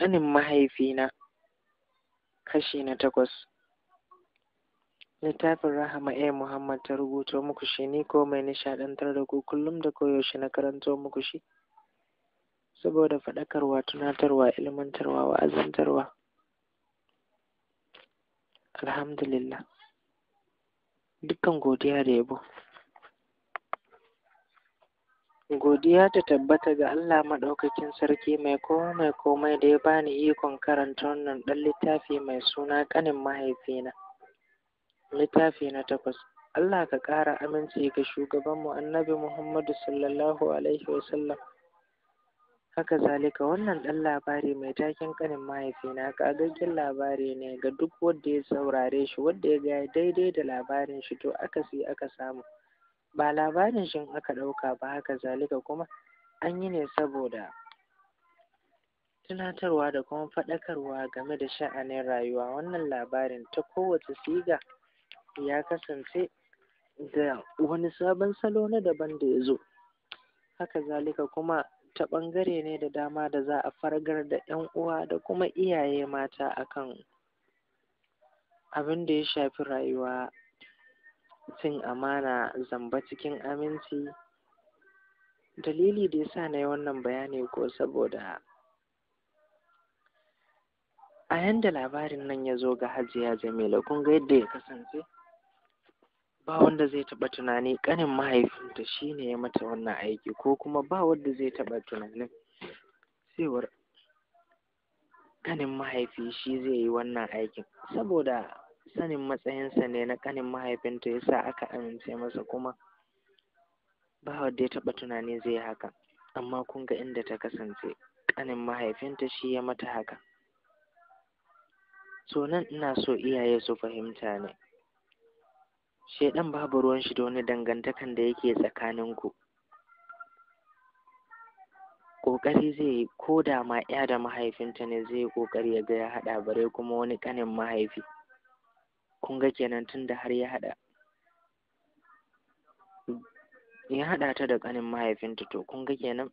ƙanin mahaifina kashi na takwas littafin rahama a eh, muhammad ta rubuto muku shi ni ko mai nishaɗantar da ku kullum da koyaushe na karanto muku shi saboda faɗakarwa tunatarwa ilmantarwa wa'azantarwa alhamdulillah dukkan godiya da yabo Godiya ta tabbata ga Allah maɗaukakin sarki mai kowa mai komai da ya bani ikon karanta wannan ɗan littafi mai suna ƙanin mahaifina. Littafi na takwas. Allah ka ƙara aminci ga shugabanmu annabi Muhammadu sallallahu Alaihi wasallam. Haka zalika wannan ɗan labari mai taken ƙanin mahaifina ƙagaggen labari ne ga duk wanda ya saurare shi wanda ya ga daidai da labarin shi to akasi aka samu. ba labarin shin aka ɗauka ba haka zalika kuma an yi ne saboda tunatarwa da kuma faɗakarwa game da sha'anin rayuwa wannan labarin ta kowace siga ya kasance da wani sabon salo na daban da ya zo haka zalika kuma ta ɓangare ne da dama da za a fargar da 'yan uwa da kuma iyaye mata akan abin da ya shafi rayuwa cin amana zamba cikin aminci dalili da yasa na yi wannan bayani ko saboda a yanda labarin nan ya zo ga hajiya jamila kun ga yadda ya kasance ba wanda zai taɓa tunani kanin mahaifinta shi ne ya mata wannan aiki ko kuma ba wanda zai taɓa tunanin cewar ƙanin mahaifi shi zai yi wannan aikin saboda sanin matsayinsa ne na kanin mahaifinta yasa aka amince masa kuma ba wanda ya taɓa tunani zai yi haka amma kun ga inda ta kasance kanin mahaifinta shi ya mata haka so nan ina so iyaye su fahimta ne shaidan babu ruwan shi da wani dangantakan da yake tsakaninku ƙoƙari zai yi ko da ma ya da mahaifinta ne zai yi ƙoƙari ya ga ya haɗa bare kuma wani ƙanin mahaifi kun ga kenan tun da har ya haɗa ya haɗa ta da ƙanin mahaifinta to kun ga kenan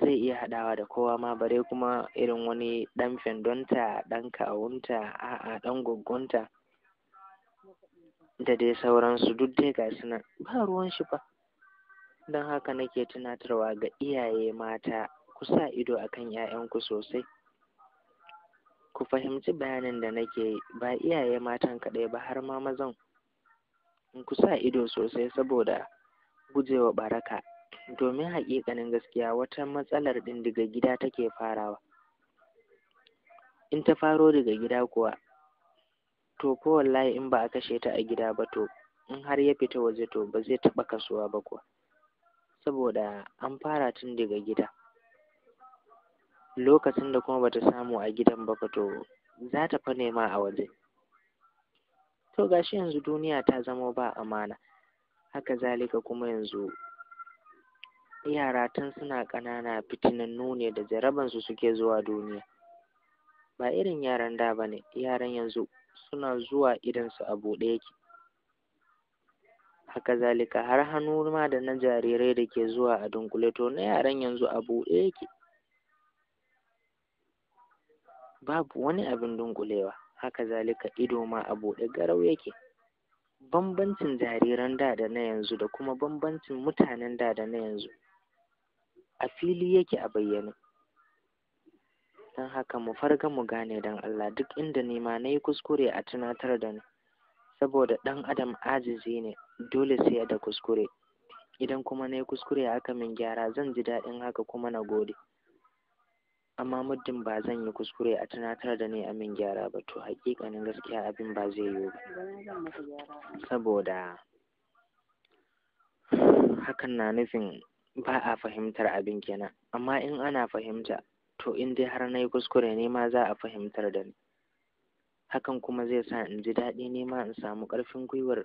zai iya haɗawa da kowa ma bare kuma irin wani ɗan fendonta ɗan kawunta a'a ɗan gwaggonta da dai sauransu duk dai ga su nan ba ruwan shi ba don haka nake tunatarwa ga iyaye mata ku sa ido akan 'ya'yanku sosai ku fahimci bayanin da nake yi ba iyaye matan kaɗai ba har ma mazan ku sa ido sosai saboda gujewa baraka domin haƙiƙanin gaskiya wata matsalar ɗin daga gida take farawa in ta faro daga gida kuwa to ko wallahi in ba a kashe ta a gida ba to in har ya fita waje to ba zai taɓa kasuwa ba kuwa saboda an fara tun daga gida lokacin da kuma bata samu a gidan ba to za ta fa nema a waje to gashi yanzu duniya ta zama ba amana haka zalika kuma yanzu yara tun suna ƙanana fitinannu ne da jarabansu suke zuwa duniya ba irin yaran da ba ne yaran yanzu suna zuwa idansu a buɗe yake haka zalika har hannu ma da na jarirai da ke zuwa a dunkule to na yaran yanzu a buɗe yake babu wani abin dunkulewa haka zalika ido ma a buɗe garau yake bambancin jariran da da na yanzu da kuma bambancin mutanen da da na yanzu a fili yake a bayyane don haka mu farga mu gane don Allah duk inda nema na yi kuskure a tunatar da ni saboda ɗan adam ajizi ne dole sai da kuskure idan kuma na yi kuskure aka min gyara zan ji daɗin haka kuma na gode amma muddin ba zan yi kuskure a tunatar da ni amin gyara ba to haƙiƙanin gaskiya abin ba zai yiwu ba saboda hakan na nufin ba a fahimtar abin kenan amma in ana fahimta to in dai har na yi kuskure ne ma za a fahimtar da ni hakan kuma zai sa in ji daɗi ne ma in samu ƙarfin gwiwar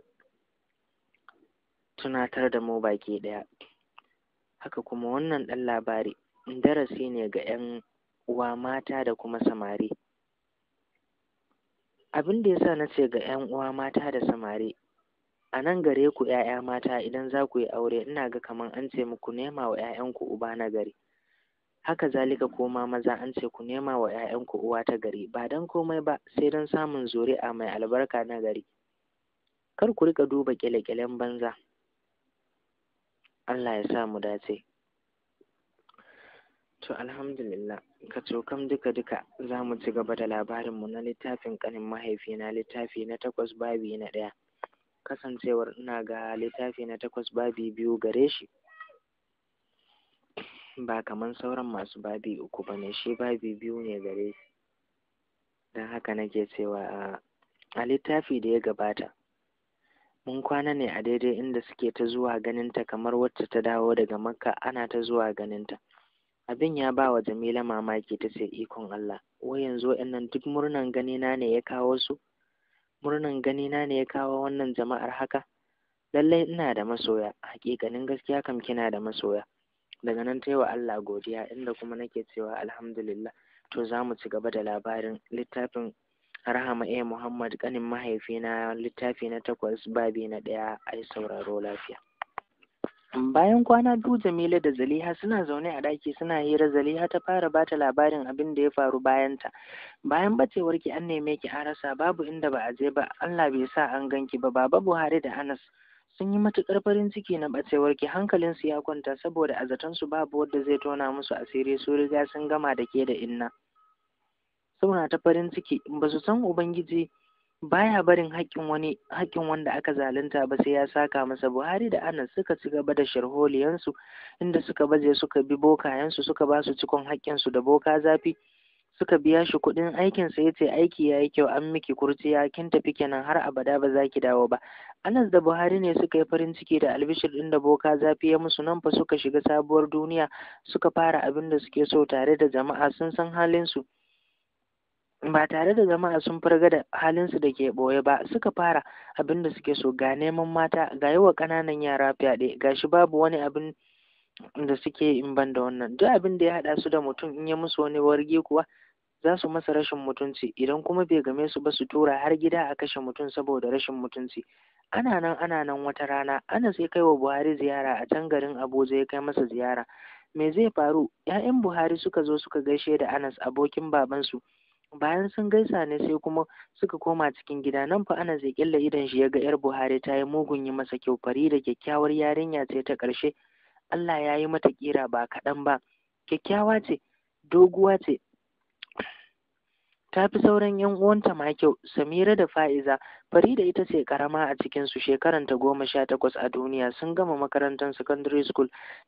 tunatar da mu baki ɗaya haka kuma wannan ɗan labari darasi ne ga 'yan uwa mata da kuma samari abin da yasa na ce ga 'yan uwa mata da samari a nan gare ku ƴaƴa mata idan za ku yi aure ina ga kamar an ce muku nema wa ƴaƴanku uba na gari haka zalika koma maza an ce ku nema wa 'ya'yanku uwa ta gari ba don komai ba sai don samun zuri'a mai albarka na gari kar ku riƙa duba ƙyale-ƙyalen banza Allah ya sa mu dace to alhamdulillah Ka Kacokam duka-duka za mu ci gaba da labarinmu na littafin ƙanin mahaifina littafi na takwas babi na ɗaya. Kasancewar ina ga littafi na takwas babi biyu gare shi. Ba kaman sauran masu babi uku ba ne, shi babi biyu ne gare shi. Don haka nake cewa a littafi da ya gabata, mun kwana ne a daidai inda suke ta zuwa ganinta kamar wacce ta dawo daga Makka ana ta zuwa ganinta. abin ya ba wa jamila mamaki ta ce ikon allah wai yanzu wa'annan duk murnan ganina ne ya kawo su murnan ganina ne ya kawo wannan jama'ar haka lallai ina da masoya hakikanin gaskiya kam kina da masoya daga nan ta yi wa allah godiya inda kuma nake cewa alhamdulillah to za mu ci gaba da labarin littafin rahama a eh, muhammad kanin mahaifina littafi na takwas babi na ɗaya ai sauraro lafiya bayan kwana biyu jamila da zaliha suna zaune a ɗaki suna hira zaliha ta fara bata labarin abin da ya faru bayanta bayan bacewar ki an neme ki an rasa babu inda ba a je ba allah bai sa an gan ki ba baba buhari da anas sun yi matuƙar farin ciki na bacewar ki hankalinsu ya kwanta saboda a zaton su babu wanda zai tona musu asiri su riga sun gama da ke da inna suna ta farin ciki ba su san ubangiji baya barin haƙƙin wani haƙƙin wanda aka zalunta ba sai ya saka masa Buhari da Anas suka ci gaba da sharholiyansu inda suka baje suka bi bokayensu suka ba su cikon haƙƙinsu da boka zafi suka biya shi kuɗin aikinsa ya ce aiki yayi kyau an miki kurciya kin tafi kenan har abada ba za ki dawo ba anas da buhari ne suka yi farin ciki da albishir ɗin da boka zafi ya musu nan fa suka shiga sabuwar duniya suka fara abin da suke so tare da jama'a sun san halinsu ba tare da jama'a sun farga da halinsu da ke ɓoye ba suka fara abin da suke so ga neman mata ga yi wa ƙananan yara fyaɗe ga shi babu wani abin da suke in ban da wannan duk abin da ya haɗa su da mutum in ya musu wani wargi kuwa za su masa rashin mutunci idan kuma bai game su ba su tura har gida a kashe mutum saboda rashin mutunci ana nan ana nan wata rana ana sai kai wa buhari ziyara a can garin abuja ya kai masa ziyara me zai faru 'ya'yan buhari suka zo suka gaishe da anas abokin babansu bayan sun gaisa ne sai kuma suka koma cikin gida nan fa ana zai killa idan shi ya ga yar buhari ta yi mugun yi masa kyau Farida da kyakkyawar yarinya ce ta ƙarshe allah ya yi mata ƙira ba kaɗan ba kyakkyawa ce doguwa ce ta fi sauran yan uwanta ma kyau samira da fa'iza farida ita ce karama a cikin su ta goma sha takwas a duniya sun gama makarantar secondary school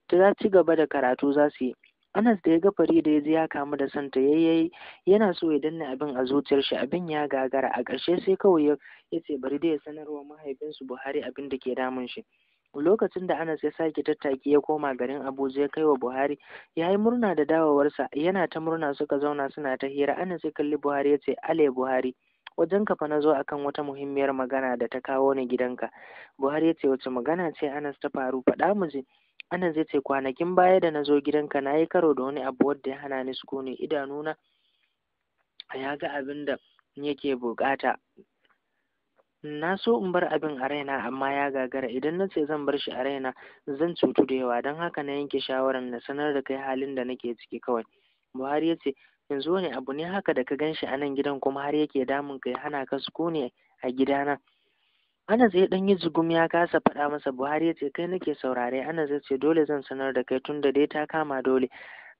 ta ci gaba da karatu za su yi Anas da ya ga da ya ji ya kamu da santa yayi yana so ya danna abin a zuciyar shi abin ya gagara a ƙarshe sai kawai ya ce bari dai ya sanarwa mahaifinsu Buhari abin da ke damun shi. Lokacin da Anas ya sake tattaki ya koma garin Abuja ya kai wa Buhari ya yi murna da dawowarsa yana ta murna suka zauna suna ta hira Anas ya kalli Buhari ya ce Ale Buhari wajen ka fa na zo akan wata muhimmiyar magana da ta kawo ni gidanka. Buhari ya ce wace magana ce Anas ta faru faɗa mu je. ana zai ce kwanakin baya da na zo gidanka na yi karo da wani abu wadda ya hana ni sukuni idanuna ya ga abin da yake bukata na so in bar abin a raina amma ya gagara idan na ce zan bar shi a raina zan cutu da yawa don haka na yanke shawarar na sanar da kai halin da nake ciki kawai buhari ya ce yanzu wani abu ne haka da ka gan shi a nan gidan kuma har yake damun ka ya hana ka sukuni a gidana Anas ya dan yi zugum ya kasa faɗa masa Buhari ya ce kai nake saurare Anas ya ce dole zan sanar da kai tunda dai ta kama dole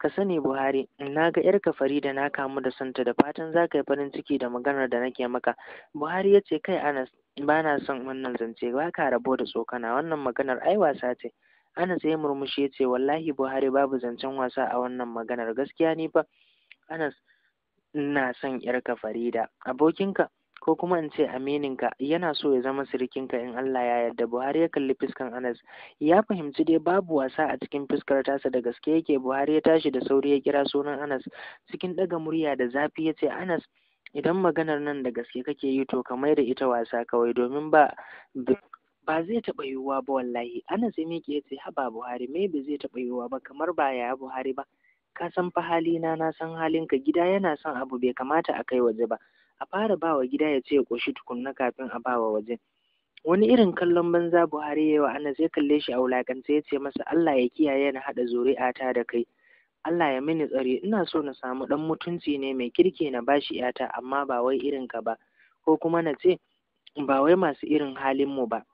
ka sani Buhari na ga yarka Farida na kamu da santa da fatan za ka yi farin ciki da maganar da nake maka Buhari ya ce kai Anas ba na son wannan zance ba ka rabo da tsokana wannan maganar ai wasa ce Anas ya murmushi ya ce wallahi Buhari babu zancen wasa a wannan maganar gaskiya ni fa Anas ina son yarka Farida abokinka ko kuma in ce amininka yana so ya zama ka in Allah ya yarda Buhari ya kalli fiskan Anas ya fahimci dai babu wasa a cikin fiskar tasa da gaske yake Buhari ya tashi da sauri ya kira sunan Anas cikin daga murya da zafi ya ce Anas idan maganar nan da gaske kake yi to kamar da ita wasa kawai domin ba ba zai taɓa yiwuwa ba wallahi Anas ya miƙe ya ce haba Buhari me ba zai taɓa yiwuwa ba kamar ba ya Buhari ba ka san fa halina na san halinka gida yana son abu bai kamata a kai waje ba a fara bawa gida ya ce ya ƙoshi tukunna kafin a bawa waje wani irin kallon banza buhari yi wa anas ya kalle shi a wulaƙance ya ce masa allah ya kiyaye na haɗa zuri'ata da kai allah ya mini tsare ina so na samu ɗan mutunci ne mai kirki na bashi yata amma ba wai irin ka ba ko kuma na ce ba wai masu irin halin mu ba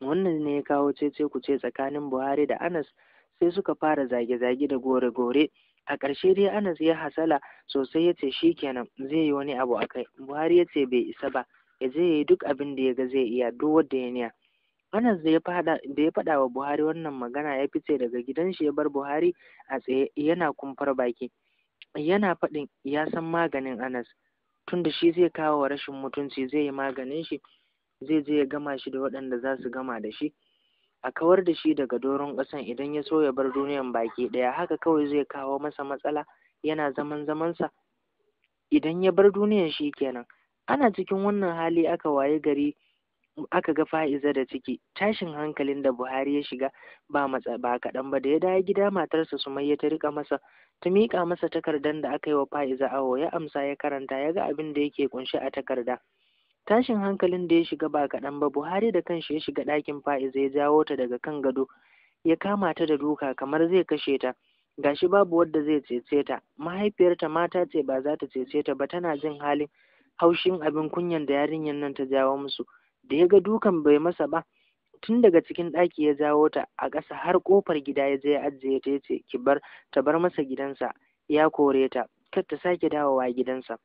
wannan ne ya kawo cece kuce tsakanin buhari da anas sai suka fara zage-zage da gore-gore a ƙarshe dai anas ya hasala sosai ya ce shi kenan zai yi wani abu a kai buhari ya ce bai isa ba ya zai yi duk abin da ya ga zai iya duk wanda ya niya anas da ya faɗa wa buhari wannan magana ya fice daga gidan shi ya bar buhari a tsaye yana kumfar baki yana faɗin ya san maganin anas tunda shi zai kawo wa rashin mutunci zai yi maganin shi zai je ya gama shi da waɗanda za su gama da shi a kawar da shi daga doron ƙasan idan ya so ya bar duniyan baki ɗaya haka kawai zai kawo masa matsala yana zaman zamansa idan ya bar duniyan shi kenan ana cikin wannan hali aka waye gari aka ga fa'iza da ciki tashin hankalin da buhari ya shiga ba matsa ba kaɗan ba da ya dawo gida matarsa sumayya ta rika masa ta miƙa masa takardar da aka yi wa fa'iza awo ya amsa ya karanta ya ga abin da yake ƙunshe a takarda tashin hankalin da ya shiga ba kaɗan ba buhari da kanshi ya shiga ɗakin Fa'iz ya jawo ta daga kan gado ya kama ta da duka kamar zai kashe ta gashi babu wadda zai cece ta mahaifiyarta mata ce ba za ta cece ta ba tana jin halin haushin abin kunyan da yarinyar nan ta jawo musu da ya ga dukan bai masa ba tun daga cikin ɗaki ya jawo ta a ƙasa har ƙofar gida ya je ya ajiye ta ya ce ki bar ta bar masa gidansa ya kore ta kar ta sake dawowa gidansa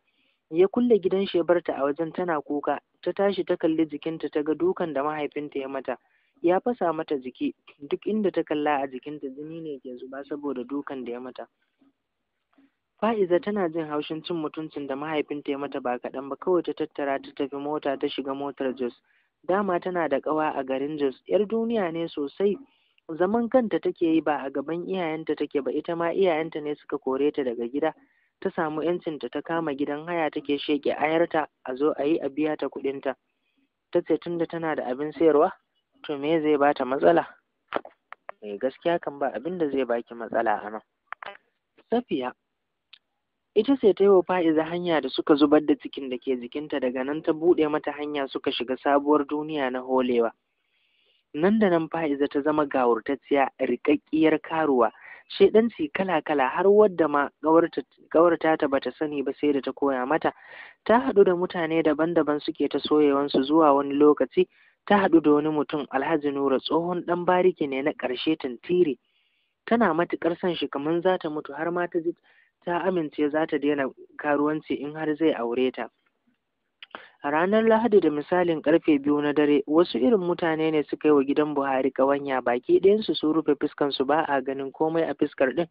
ya kulle gidan shebarta a wajen tana kuka ta tashi ta kalli jikinta ta ga dukan da mahaifinta ya mata ya fasa mata jiki duk inda ta kalla a jikinta jini ne ke zuba saboda dukan da ya mata fa'iza tana jin haushin cin mutuncin da mahaifinta ya mata ba kaɗan ba kawai ta tattara ta tafi mota ta shiga motar jos dama tana da ƙawa a garin jos yar duniya ne sosai zaman kanta take yi ba a gaban iyayenta take ba ita ma iyayenta ne suka kore ta daga gida ta samu 'yancin ta kama gidan haya take sheke ayarta a zo a yi a biya ta kuɗinta ta ce tunda tana da abin sayarwa to me zai bata matsala eh gaskiya kan ba abin da zai baki matsala a nan safiya ita ce ta yi wa fa'iza hanya da suka zubar da cikin da ke jikinta daga nan ta buɗe mata hanya suka shiga sabuwar duniya na holewa nan da nan fa'iza ta zama gawurtacciya riƙaƙƙiyar karuwa shedanci kala-kala har wadda ma ƙawarta ta bata sani ba sai da ta koya mata ta haɗu da mutane daban-daban suke ta soyewansu zuwa wani lokaci ta haɗu da wani mutum alhaji nura tsohon ɗan bariki ne na ƙarshe tantiri. tana matuƙar son shi kaman za ta mutu har ma ta amince za ta daina karuwanci in har zai aure ta A ranar Lahadi da misalin karfe biyu na dare, wasu irin mutane ne suka yi wa gidan Buhari kawanya baki su sun rufe fuskansu ba a ganin komai a fuskar ɗin,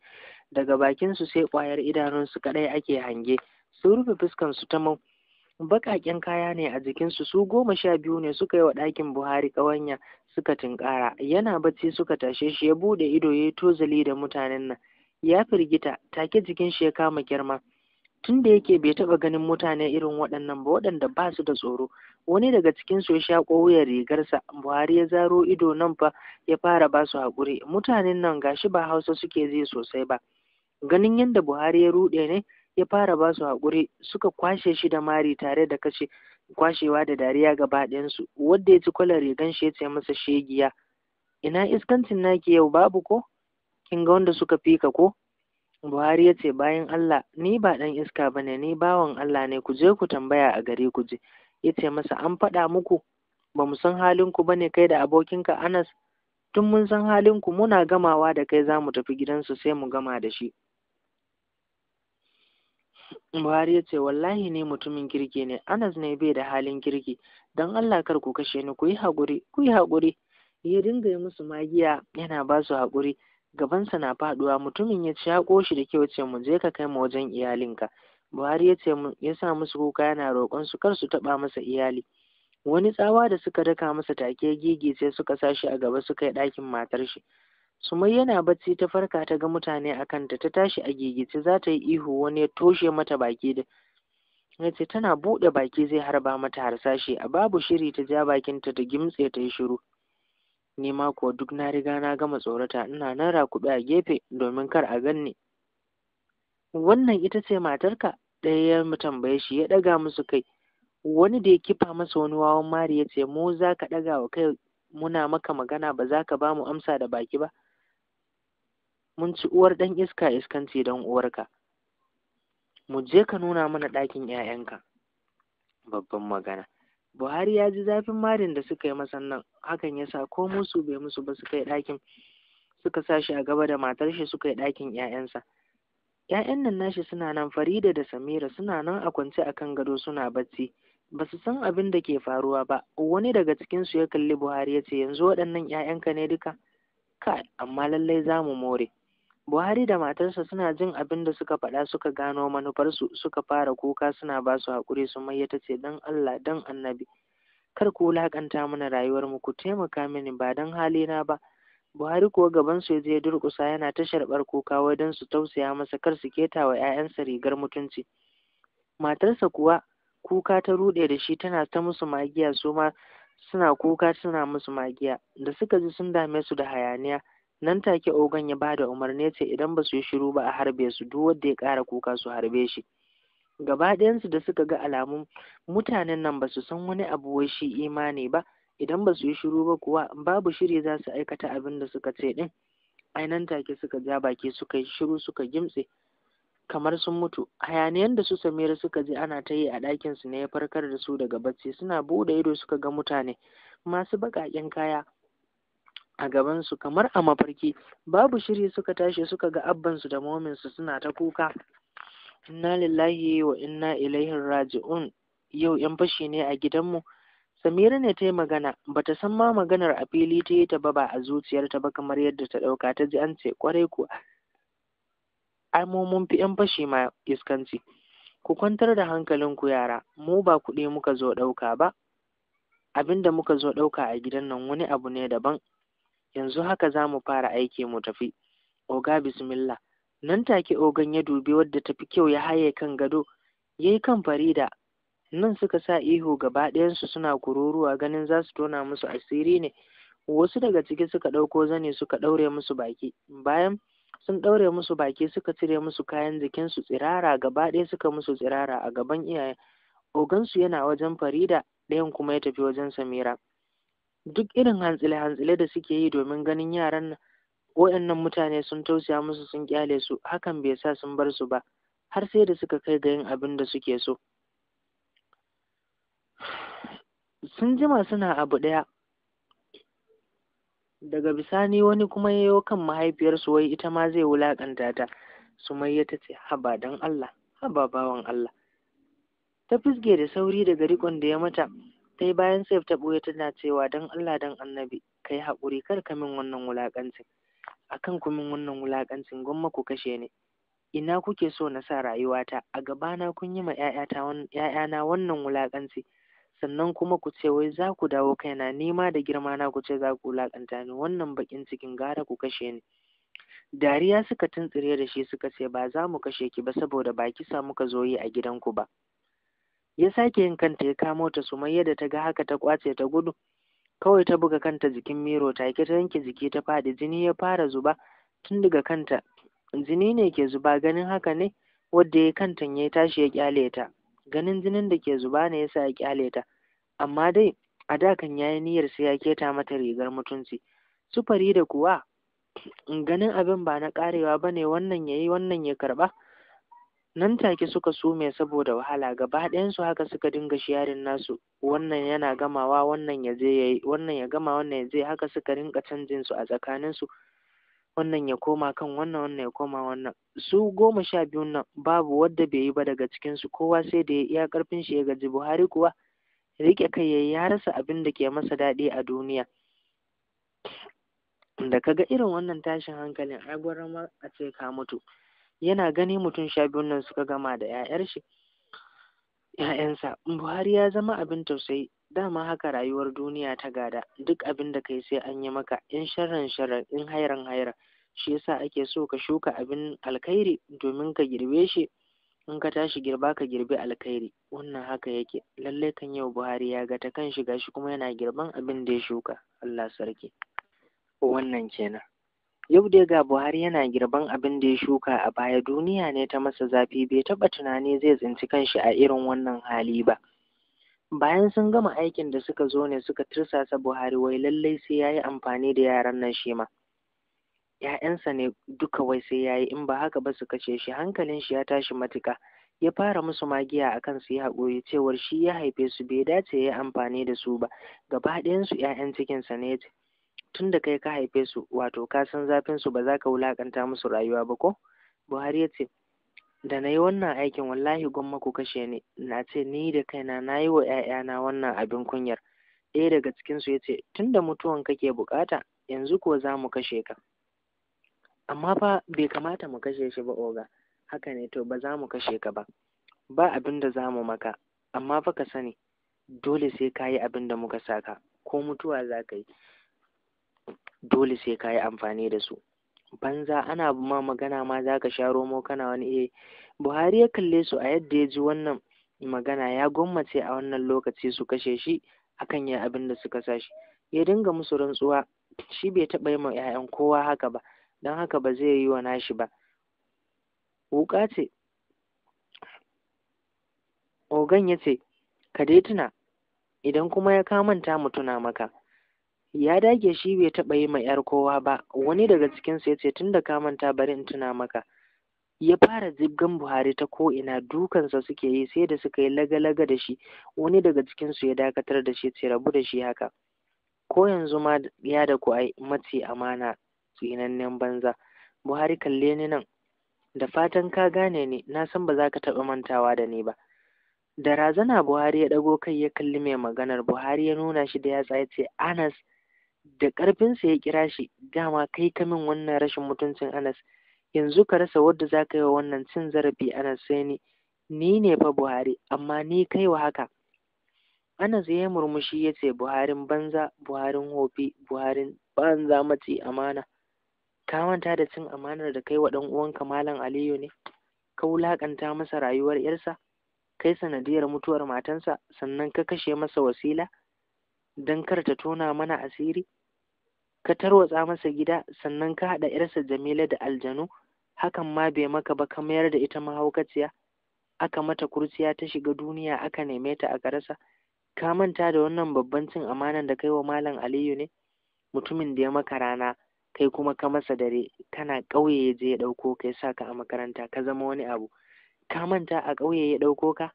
daga bakinsu sai ƙwayar idanunsu kaɗai ake hange, su rufe fuskansu ta mau. Baƙaƙen kaya ne a jikinsu su goma sha biyu ne suka yi wa ɗakin Buhari kawanya suka tunƙara, yana bacci suka tashe shi ya buɗe ido ya yi tozali da mutanen nan. Ya firgita, take jikin shi ya kama girma. tun da yake bai taɓa ganin mutane irin waɗannan ba waɗanda ba su da tsoro wani daga cikin su sha shaƙo rigarsa buhari ya zaro ido nan fa ya fara ba su haƙuri mutanen nan ga shi ba hausa suke zai sosai ba ganin yadda buhari ya ruɗe ne ya fara ba su haƙuri suka kwashe shi da mari tare da kashe kwashewa da dariya gaba ɗayansu wadda ya ci kwalar rigan shi ya ce masa shegiya ina iskancin naki yau babu ko kin ga wanda suka fika ko Buhari ya ce bayan Allah ni ba ɗan iska ba ne ni bawan Allah ne ku je ku tambaya a gare ku je ya ce masa an faɗa muku ba mu san halinku ba ne kai da abokinka Anas tun mun san halinku muna gamawa da kai za mu tafi gidansu sai mu gama da shi Buhari ya ce wallahi ne mutumin kirki ne Anas ne bai da halin kirki don Allah kar ku kashe ni ku yi haƙuri ku yi haƙuri ya dinga yi musu magiya yana ba su haƙuri gabansa na faduwa mutumin ya ce ya koshi da kyau ce mu je ka kai mu wajen iyalinka buhari ya ce ya sa musu kuka yana roƙon su kar su taɓa masa iyali wani tsawa da suka daka masa take gigi sai suka sa a gaba suka yi ɗakin matar shi sumai yana bacci ta farka ta ga mutane a kanta ta tashi a gigice za ta yi ihu wani ya toshe mata baki da ya ce tana buɗe baki zai harba mata harsashi a babu shiri ta ja bakinta ta gimtse ta yi shiru ni ma kuwa duk na riga na gama tsorata ina nan rakuɓe a gefe domin kar a ganni wannan ita ce matarka ɗaya ya mu tambaye shi ya ɗaga musu kai wani da ya kifa masa wani wawan mari ya ce mu za ka ɗaga wa kai muna maka magana ba za ka ba mu amsa da baki ba mun ci uwar ɗan iska iskanci don uwarka mu je ka nuna mana ɗakin ‘ya'yanka babban magana buhari ya ji zafin marin da suka yi masa nan hakan ya sa ko musu bai musu ba suka yi ɗakin suka sa shi a gaba da matar shi suka yi ɗakin 'ya'yansa ‘ya'yan nan nashi suna nan farida da samira suna nan a kwance a kan gado suna bacci ba su san abin da ke faruwa ba wani daga cikinsu ya kalli buhari ya ce yanzu waɗannan ‘ya'yanka ne duka kai amma lallai za mu more Buhari da matarsa suna jin abin da suka faɗa suka gano manufarsu suka fara kuka suna ba su haƙuri mai ta ce don Allah don annabi kar ku wulaƙanta mana rayuwar mu ku taimaka mini ba don halina ba Buhari kuwa gabansu ya je durƙusa yana ta sharɓar kuka wai don su tausaya masa kar su keta wa 'ya'yansa rigar mutunci. Matarsa kuwa kuka ta ruɗe da shi tana ta musu magiya su ma suna kuka suna musu magiya da suka ji sun dame su da hayaniya nan take ogan ya bada umarni ce idan ba su yi shiru ba a harbe su duk wanda ya ƙara kuka su harbe shi gaba ɗayansu da suka ga alamun mutanen nan ba su san wani abu wai shi imani ba idan ba su yi shiru ba kuwa babu shiri za su aikata abin da suka ce din. ai nan take suka ja baki suka yi shiru suka gimtse kamar sun mutu hayaniyan da su samira suka je ana ta yi a ɗakinsu ne ya farkar da su daga bacci suna buɗe ido suka ga mutane masu baƙaƙen kaya a gabansu kamar a mafarki babu shiri suka tashi suka ga abbansu da mominsu suna ta kuka inna lillahi wa inna ilaihi raji'un yau yan fashi ne a gidanmu samira ne ta yi magana bata san ma maganar a fili ta yi ta ba ba a zuciyarta ba kamar yadda ta ɗauka ta ji an ce kwarai kuwa ai mu mun fi yan fashi ma iskanci ku kwantar da hankalinku yara mu ba kuɗi muka zo ɗauka ba Abinda muka zo ɗauka a gidan nan wani abu ne daban yanzu haka za mu fara aiki mu tafi oga bismillah nan take ogan ya dubi wadda tafi kyau ya haye kan gado ya yi kan farida nan suka sa ihu gaba ɗayansu suna kururuwa ganin za su tona musu asiri ne wasu daga ciki suka ɗauko zane suka ɗaure musu baki bayan sun ɗaure musu baki suka cire musu kayan jikinsu tsirara gaba ɗaya suka musu tsirara a gaban iyayen ogansu yana wajen farida ɗayan kuma ya tafi wajen samira duk irin hanzile hantsile da suke yi domin ganin yaran nan, waɗannan mutane sun tausaya musu sun kyale su hakan bai sa sun bar su ba har sai da suka kai ga yin abin da suke so sun jima suna abu ɗaya daga bisani wani kuma ya yi kan mahaifiyarsu wai ita ma zai wulaƙanta ta sumayya ta ce haba don allah haba bawan allah ta fisge da sauri daga rikon da ya mata ta yi bayan sai ta ɓoye tana cewa don Allah don annabi kai haƙuri kar ka min wannan wulaƙancin akan ku min wannan wulaƙancin gwamma ku kashe ni ina kuke so na sa rayuwata a gabana kun yi ma ‘ya'yana wannan wulaƙanci sannan kuma ku ce wai za ku dawo kaina nima da girma na ku ce za ku wulaƙanta ni wannan baƙin cikin gara ku kashe ni dariya suka tuntsire da shi suka ce ba za mu kashe ki ba saboda ba ki sa muka zo yi a gidanku ba ya sake yin kanta ya kamo ta su da ta ga haka ta kwace ta gudu kawai ta buga kanta jikin miro take ta yanke jiki ta fadi jini ya fara zuba tun daga kanta jini ne ke zuba ganin haka ne wadda ya kanta ya tashi ya kyale ta ganin jinin da ke zuba ne yasa ya kyale ta amma dai a da kan yayi niyyar sai ya keta mata rigar mutunci sufari da kuwa ganin abin ba na karewa bane wannan yayi wannan ya karba nan take suka sume saboda wahala gaba ɗayansu haka suka dinga shiyarin nasu wannan yana gamawa wannan ya je yayi wannan ya gama wannan ya je haka suka rinka canjin su a tsakanin su wannan ya koma kan wannan wannan ya koma wannan su goma sha biyun nan babu wadda bai yi ba daga cikin su kowa sai da ya iya karfin shi ya gaji Buhari kuwa rike kai ya rasa abin da ke masa daɗi a duniya da kaga irin wannan tashin hankalin ai gwara ma a ce ka mutu yana gani mutum sha biyun nan suka gama da 'ya'yar shi ‘ya'yansa buhari ya zama abin tausayi dama haka rayuwar duniya ta gada duk abin da kai sai an yi maka in sharran sharran in hairan hairan shi yasa ake so ka shuka abin alkhairi domin ka girbe shi in ka tashi girba ka girbi alkhairi wannan haka yake lallai kan yau buhari ya ga ta kan shiga shi kuma yana girban abin da ya shuka allah sarki wannan kenan Yau dai ga Buhari yana girban abin da ya shuka a baya duniya ne ta masa zafi bai taɓa tunani zai tsinci kanshi a irin wannan hali ba. Bayan sun gama aikin da suka zo ne suka tirsasa Buhari wai lallai sai ya yi amfani da yaran nan shi ma. ‘Ya'yansa ne duka wai sai ya yi in ba haka ba su kashe shi hankalin shi ya tashi matuka. Ya fara musu magiya a kan su yi haƙuri cewar shi ya haife su bai dace ya yi amfani da su ba gaba ɗayansu ‘ya'yan cikinsa ne tun da kai ka haife su wato ka san zafin su ba za ka wulakanta musu rayuwa ba ko buhari ya ce da na yi wannan aikin wallahi gwamma ku kashe ni na ce ni da kaina na yi wa 'ya'yana wannan abin kunyar ɗaya daga cikinsu ya ce tun da mutuwan kake bukata yanzu ko za mu kashe ka amma fa bai kamata mu kashe shi ba oga haka ne to ba za mu kashe ka ba ba abin da za mu maka amma fa ka sani dole sai ka yi abin da muka saka ko mutuwa za ka yi dole sai ka yi amfani da su banza ana ma magana ma za ka sha romo kana wani iya eh, buhari ya kalle su a yadda ya ji wannan magana ya gwammace a wannan lokaci su kashe shi akan yi abin da suka sa shi ya dinga musu rantsuwa shi bai taɓa yi ma 'ya'yan kowa haka ba don haka ba zai yi wa nashi ba wuƙa ce ogan ya ce ka dai tuna idan kuma ya kamanta mu tuna maka ya dage shi bai taɓa yi ma ‘yar kowa ba wani daga cikinsu ya ce tun da ka manta bari in tuna maka ya fara zibgan buhari ta ko'ina dukansa suke yi sai da suka yi lagalaga da shi wani daga cikinsu ya dakatar da shi ce rabu da shi haka ko yanzu ma ya da ku ai mace amana tsinannen banza buhari kalle ni nan da fatan ka gane ni na san ba za ka taɓa mantawa da ni ba da razana buhari ya ɗago kai ya kalli mai maganar buhari ya nuna shi da yatsa ya ce anas da ƙarfin sa ya kira shi dama kai ka min wannan rashin mutuncin anas yanzu ka rasa wadda za ka yi wa wannan cin zarafi anas sai ni ni ne fa buhari amma ni kai wa haka anas ya murmushi ya ce buharin banza buharin hofi buharin banza mace amana ka manta da cin amanar da kai wa ɗan uwanka malam aliyu ne ka wulaƙanta masa rayuwar yarsa kai sanadiyar mutuwar matansa sannan ka kashe masa wasila don kar ta tona mana asiri ka tarwatsa masa gida sannan ka haɗa ‘yarsa jamila da aljanu hakan ma bai maka ba ka mayar da ita mahaukaciya aka mata kurciya ta shiga duniya aka neme ta a rasa ka manta da wannan babban cin amanan da kai wa malam aliyu ne mutumin da ya maka rana kai kuma ka masa dare kana ƙauye ya je ya ɗauko ka ya sa ka a makaranta ka zama wani abu ka manta a ƙauye ya ɗauko ka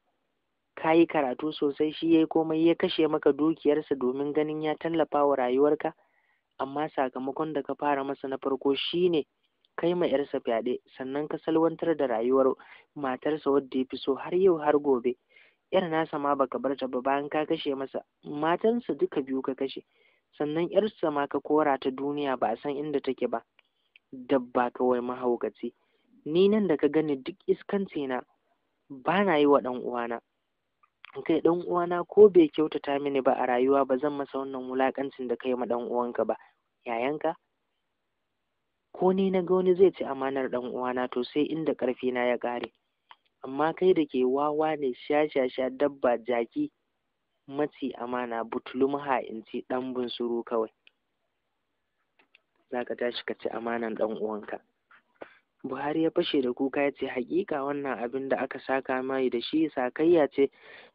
kayi karatu sosai shi yayi komai ya kashe maka dukiyarsa domin ganin ya tallafa wa rayuwarka amma sakamakon da ka fara masa na farko shine kai ma yarsa fyaɗe sannan ka salwantar da rayuwar matarsa wadda ya fi so har yau har gobe yar nasa ma baka bar ta ba bayan ka kashe masa matansa duka biyu ka kashe sannan yarsa ma ka kora ta duniya ba a san inda take ba dabba kawai mahaukaci ni nan da ka gani duk iskance na ba na yi wa ɗan uwana kai dan uwana ko bai kyautata mini ba a rayuwa ba zan masa wannan wulakancin da kai ma dan uwanka ba yayanka ko ni na ga wani zai ci amanar dan uwana to sai inda karfi na ya kare amma kai da ke wawa ne shashasha dabba jaki maci amana butulumha in ci dan bunsuru kawai Za ka tashi ka ci amanar dan uwanka Buhari ya fashe da kuka ya ce hakika wannan abin da aka saka mai da shi sakayya ce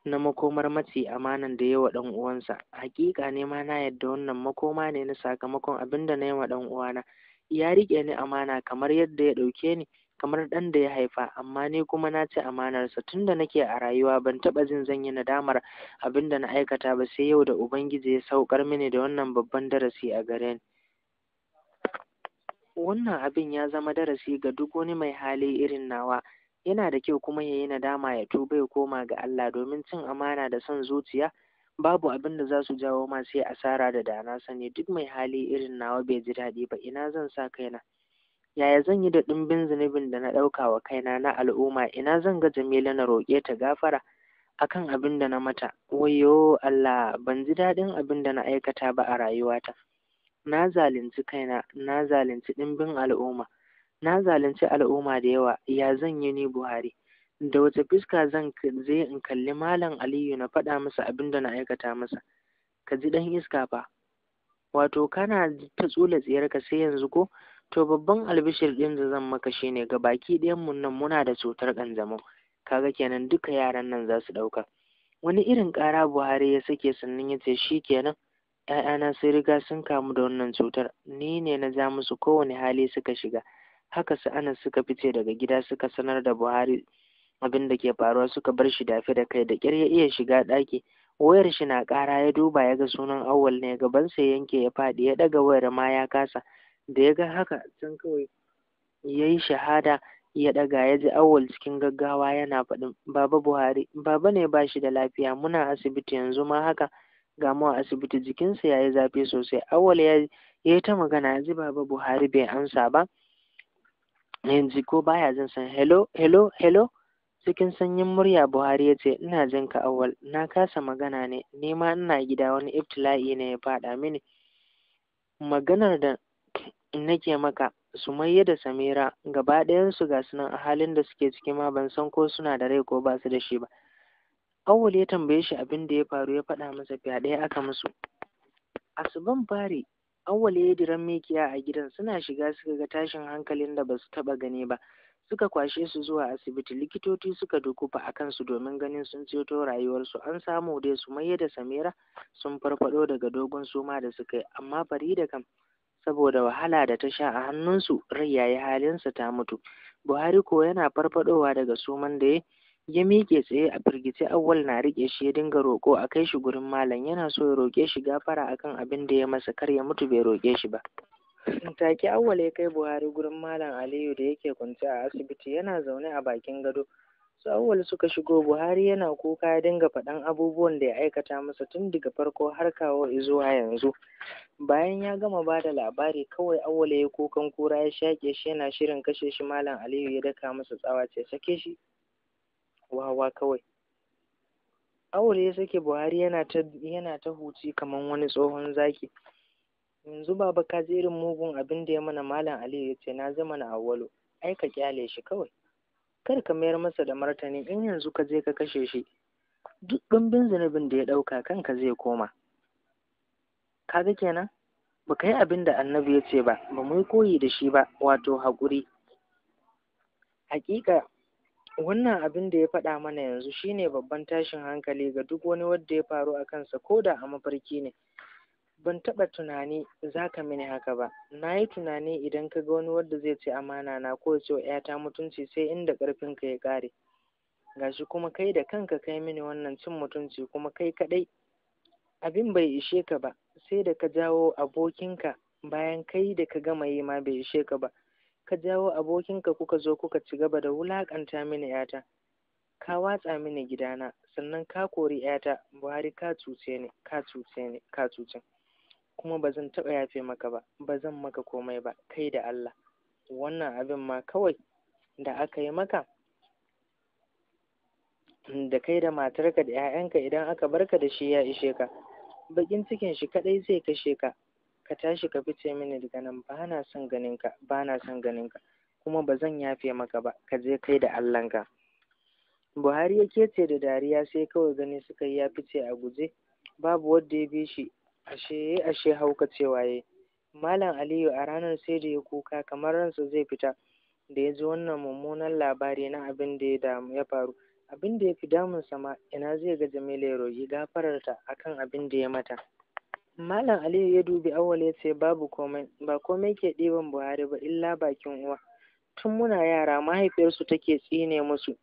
na makomar matsi amanan da yawa dan uwansa hakika ne ma na yadda wannan makoma ne na sakamakon abin da na yi wa dan uwana ya rike ni amana kamar yadda ya ɗauke ni kamar ɗan da ya haifa amma ni kuma na ce amanarsa tunda nake a rayuwa ban taɓa jin zan yi nadamar abin da na aikata ba sai yau da ubangiji ya saukar mini da wannan babban darasi a gare ni wannan abin ya zama darasi ga duk wani mai hali irin nawa yana da kyau kuma ya yi nadama ya tuba ya koma ga Allah domin cin amana da son zuciya babu abin da za su jawo ma sai asara da dana sani duk mai hali irin nawa bai ji daɗi ba ina zan sa kaina yaya zan yi da ɗumbin zunubin da na ɗauka wa kaina na al'umma ina zan ga jamila na roƙe ta gafara akan abin da na mata wayo Allah ban ji daɗin abin da na aikata ba a rayuwata na zalunci kaina na zalunci ɗimbin al'umma na zalunci al'umma da yawa ya zan yi ni buhari da wace fuska zan je in kalli malam aliyu na faɗa masa abin da na aikata masa ka ji ɗan iska fa wato kana ta tsula tsiyarka sai yanzu ko to babban albishir ɗin da zan maka shine ga baki ɗayan mu nan muna da cutar ƙanjamau kaga kenan duka yaran nan za su ɗauka wani irin ƙara buhari ya sake sannan ya ce shi kenan ‘ya'yana sun riga sun kamu da wannan cutar ni ne na ja musu kowane hali suka shiga haka su ana suka fice daga gida suka sanar da buhari abin da ke faruwa suka bar shi dafe da kai da ƙyar ya iya shiga ɗaki wayar shi na ƙara ya duba ya ga sunan awwal ne gabansa ya yanke ya faɗi ya ɗaga wayar ma ya kasa da ya ga haka can kawai ya yi shahada ya ɗaga ya ji awwal cikin gaggawa yana faɗin baba buhari baba ne ba shi da lafiya muna asibiti yanzu ma haka ga a asibiti jikinsa ya yi zafi sosai awal ya yi ta magana yanzu baba buhari bai amsa ba yanzu ko baya jin san hello hello hello cikin sanyin murya buhari ya ce ina jin ka awal na kasa magana ne nema ina gida wani ibtila'i ne ya faɗa mini maganar da nake maka sumayya da samira gaba ɗayansu ga sunan a halin da suke ciki ma ban san ko suna da rai ko ba su da shi ba Awwal ya tambaye shi abin da ya faru ya faɗa masa fyaɗe aka musu. Asuban fari Awwal ya yi diran mikiya a gidan suna shiga suka ga tashin hankalin da ba su taɓa gani ba. Suka kwashe su zuwa asibiti likitoci suka dukufa a kansu domin ganin sun ceto rayuwarsu an samu dai Sumayya da Samira sun farfaɗo daga dogon suma da suka yi amma Farida kam saboda wahala da ta sha a hannunsu rai yayi halinsa ta mutu. Buhari ko yana farfaɗowa daga suman da ya Ya miƙe tsaye a firgice Auwal na riƙe shi ya dinga roƙo a kai shi gurin malam yana so ya roƙe shi gafara akan abin da ya masa kar ya mutu bai roƙe shi ba. Take Auwal ya kai Buhari gurin malam Aliyu da yake kwance a asibiti yana zaune a bakin gado. Su Auwal suka shigo Buhari yana kuka ya dinga faɗan abubuwan da ya aikata masa tun daga farko har kawo zuwa yanzu. Bayan ya gama ba da labari kawai Auwal ya yi kukan kura ya shaƙe shi yana shirin kashe shi malam Aliyu ya daka masa tsawa ce sake shi. wawa kawai awul ya sake buhari yana ta yana ta huci kamar wani tsohon zaki yanzu baba ka ji irin mugun abin da ya mana malam aliyu ya ce na zama na awwalu ai ka kyale shi kawai kar ka mayar masa da martani in yanzu ka je ka kashe shi duk ɗumbin zunubin da ya ɗauka kanka zai koma kaga kenan baka yi abin da annabi ya ce ba ba mu yi koyi da shi ba wato haƙuri haƙiƙa wannan abin da ya faɗa mana yanzu shine babban tashin hankali ga duk wani wanda ya faru a kansa ko da a mafarki ne ban taɓa tunani za ka mini haka ba na yi tunani idan ka ga wani wanda zai ci amana na ko ya ce wa ‘yata mutunci sai inda ƙarfinka ya ƙare gashi kuma kai da kanka kai mini wannan cin mutunci kuma kai kaɗai abin bai ishe ka ba sai da ka jawo abokinka bayan kai da ka gama yi ma bai ishe ka ba ka jawo abokinka kuka zo kuka ci gaba da wulakanta mini ‘yata, ka watsa mini gidana, sannan ka kori ‘yata, Buhari ka cuce ni, ka cuce ni, ka cuce kuma ba zan taɓa yafe maka ba, ba zan maka komai ba, kai da Allah. Wannan abin ma kawai da aka yi maka, da kai da matarka da ‘ya'yanka idan aka barka da shi ya ishe ka, baƙin cikin shi kaɗai zai kashe ka, ka tashi ka fice mini daga nan ba na son ganinka ka ba na son ganin ka kuma ba zan yafe maka ba ka je kai da Allahnka Buhari ya kece da dariya sai kawai gani suka yi ya fice a guje babu wanda ya bi shi ashe ashe hauka cewa waye. Malam Aliyu a ranar sai da ya kuka kamar ransa zai fita da ya ji wannan mummunan labari na abin da ya damu ya faru abin da ya fi damunsa ma ina zai ga Jamila ya roƙi gafararta akan abin da ya mata Malam Aliyu ya dubi Auwal ya ce babu komai, ba komai ke ɗiban Buhari ba illa bakin uwa. Tun muna yara mahaifiyarsu take tsine musu.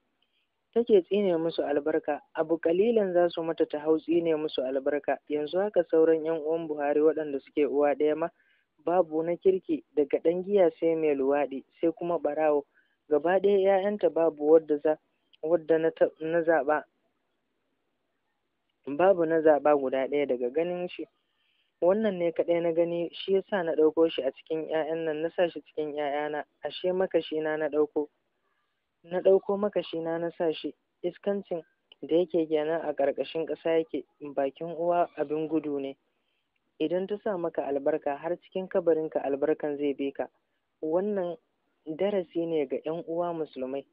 Take tsine musu albarka, abu kalilan za su mata ta hau tsine musu albarka, yanzu haka sauran 'yan uwan Buhari waɗanda suke uwa ɗaya ma babu na kirki daga ɗan giya sai mai luwaɗi sai kuma ɓarawo gaba ɗaya 'ya'yanta babu wadda za wadda na zaɓa babu na zaɓa guda ɗaya daga ganin shi wannan ne kaɗai na gani shi yasa na ɗauko shi a cikin 'ya'yan nan na sa shi cikin 'ya'yana ashe makashi na ɗauko na ɗauko makashi na sa shi iskancin da yake kenan a ƙarƙashin ƙasa yake bakin uwa abin gudu ne idan ta sa maka albarka har cikin kabarinka albarkan zai bi ka wannan darasi ne ga 'yan uwa musulmai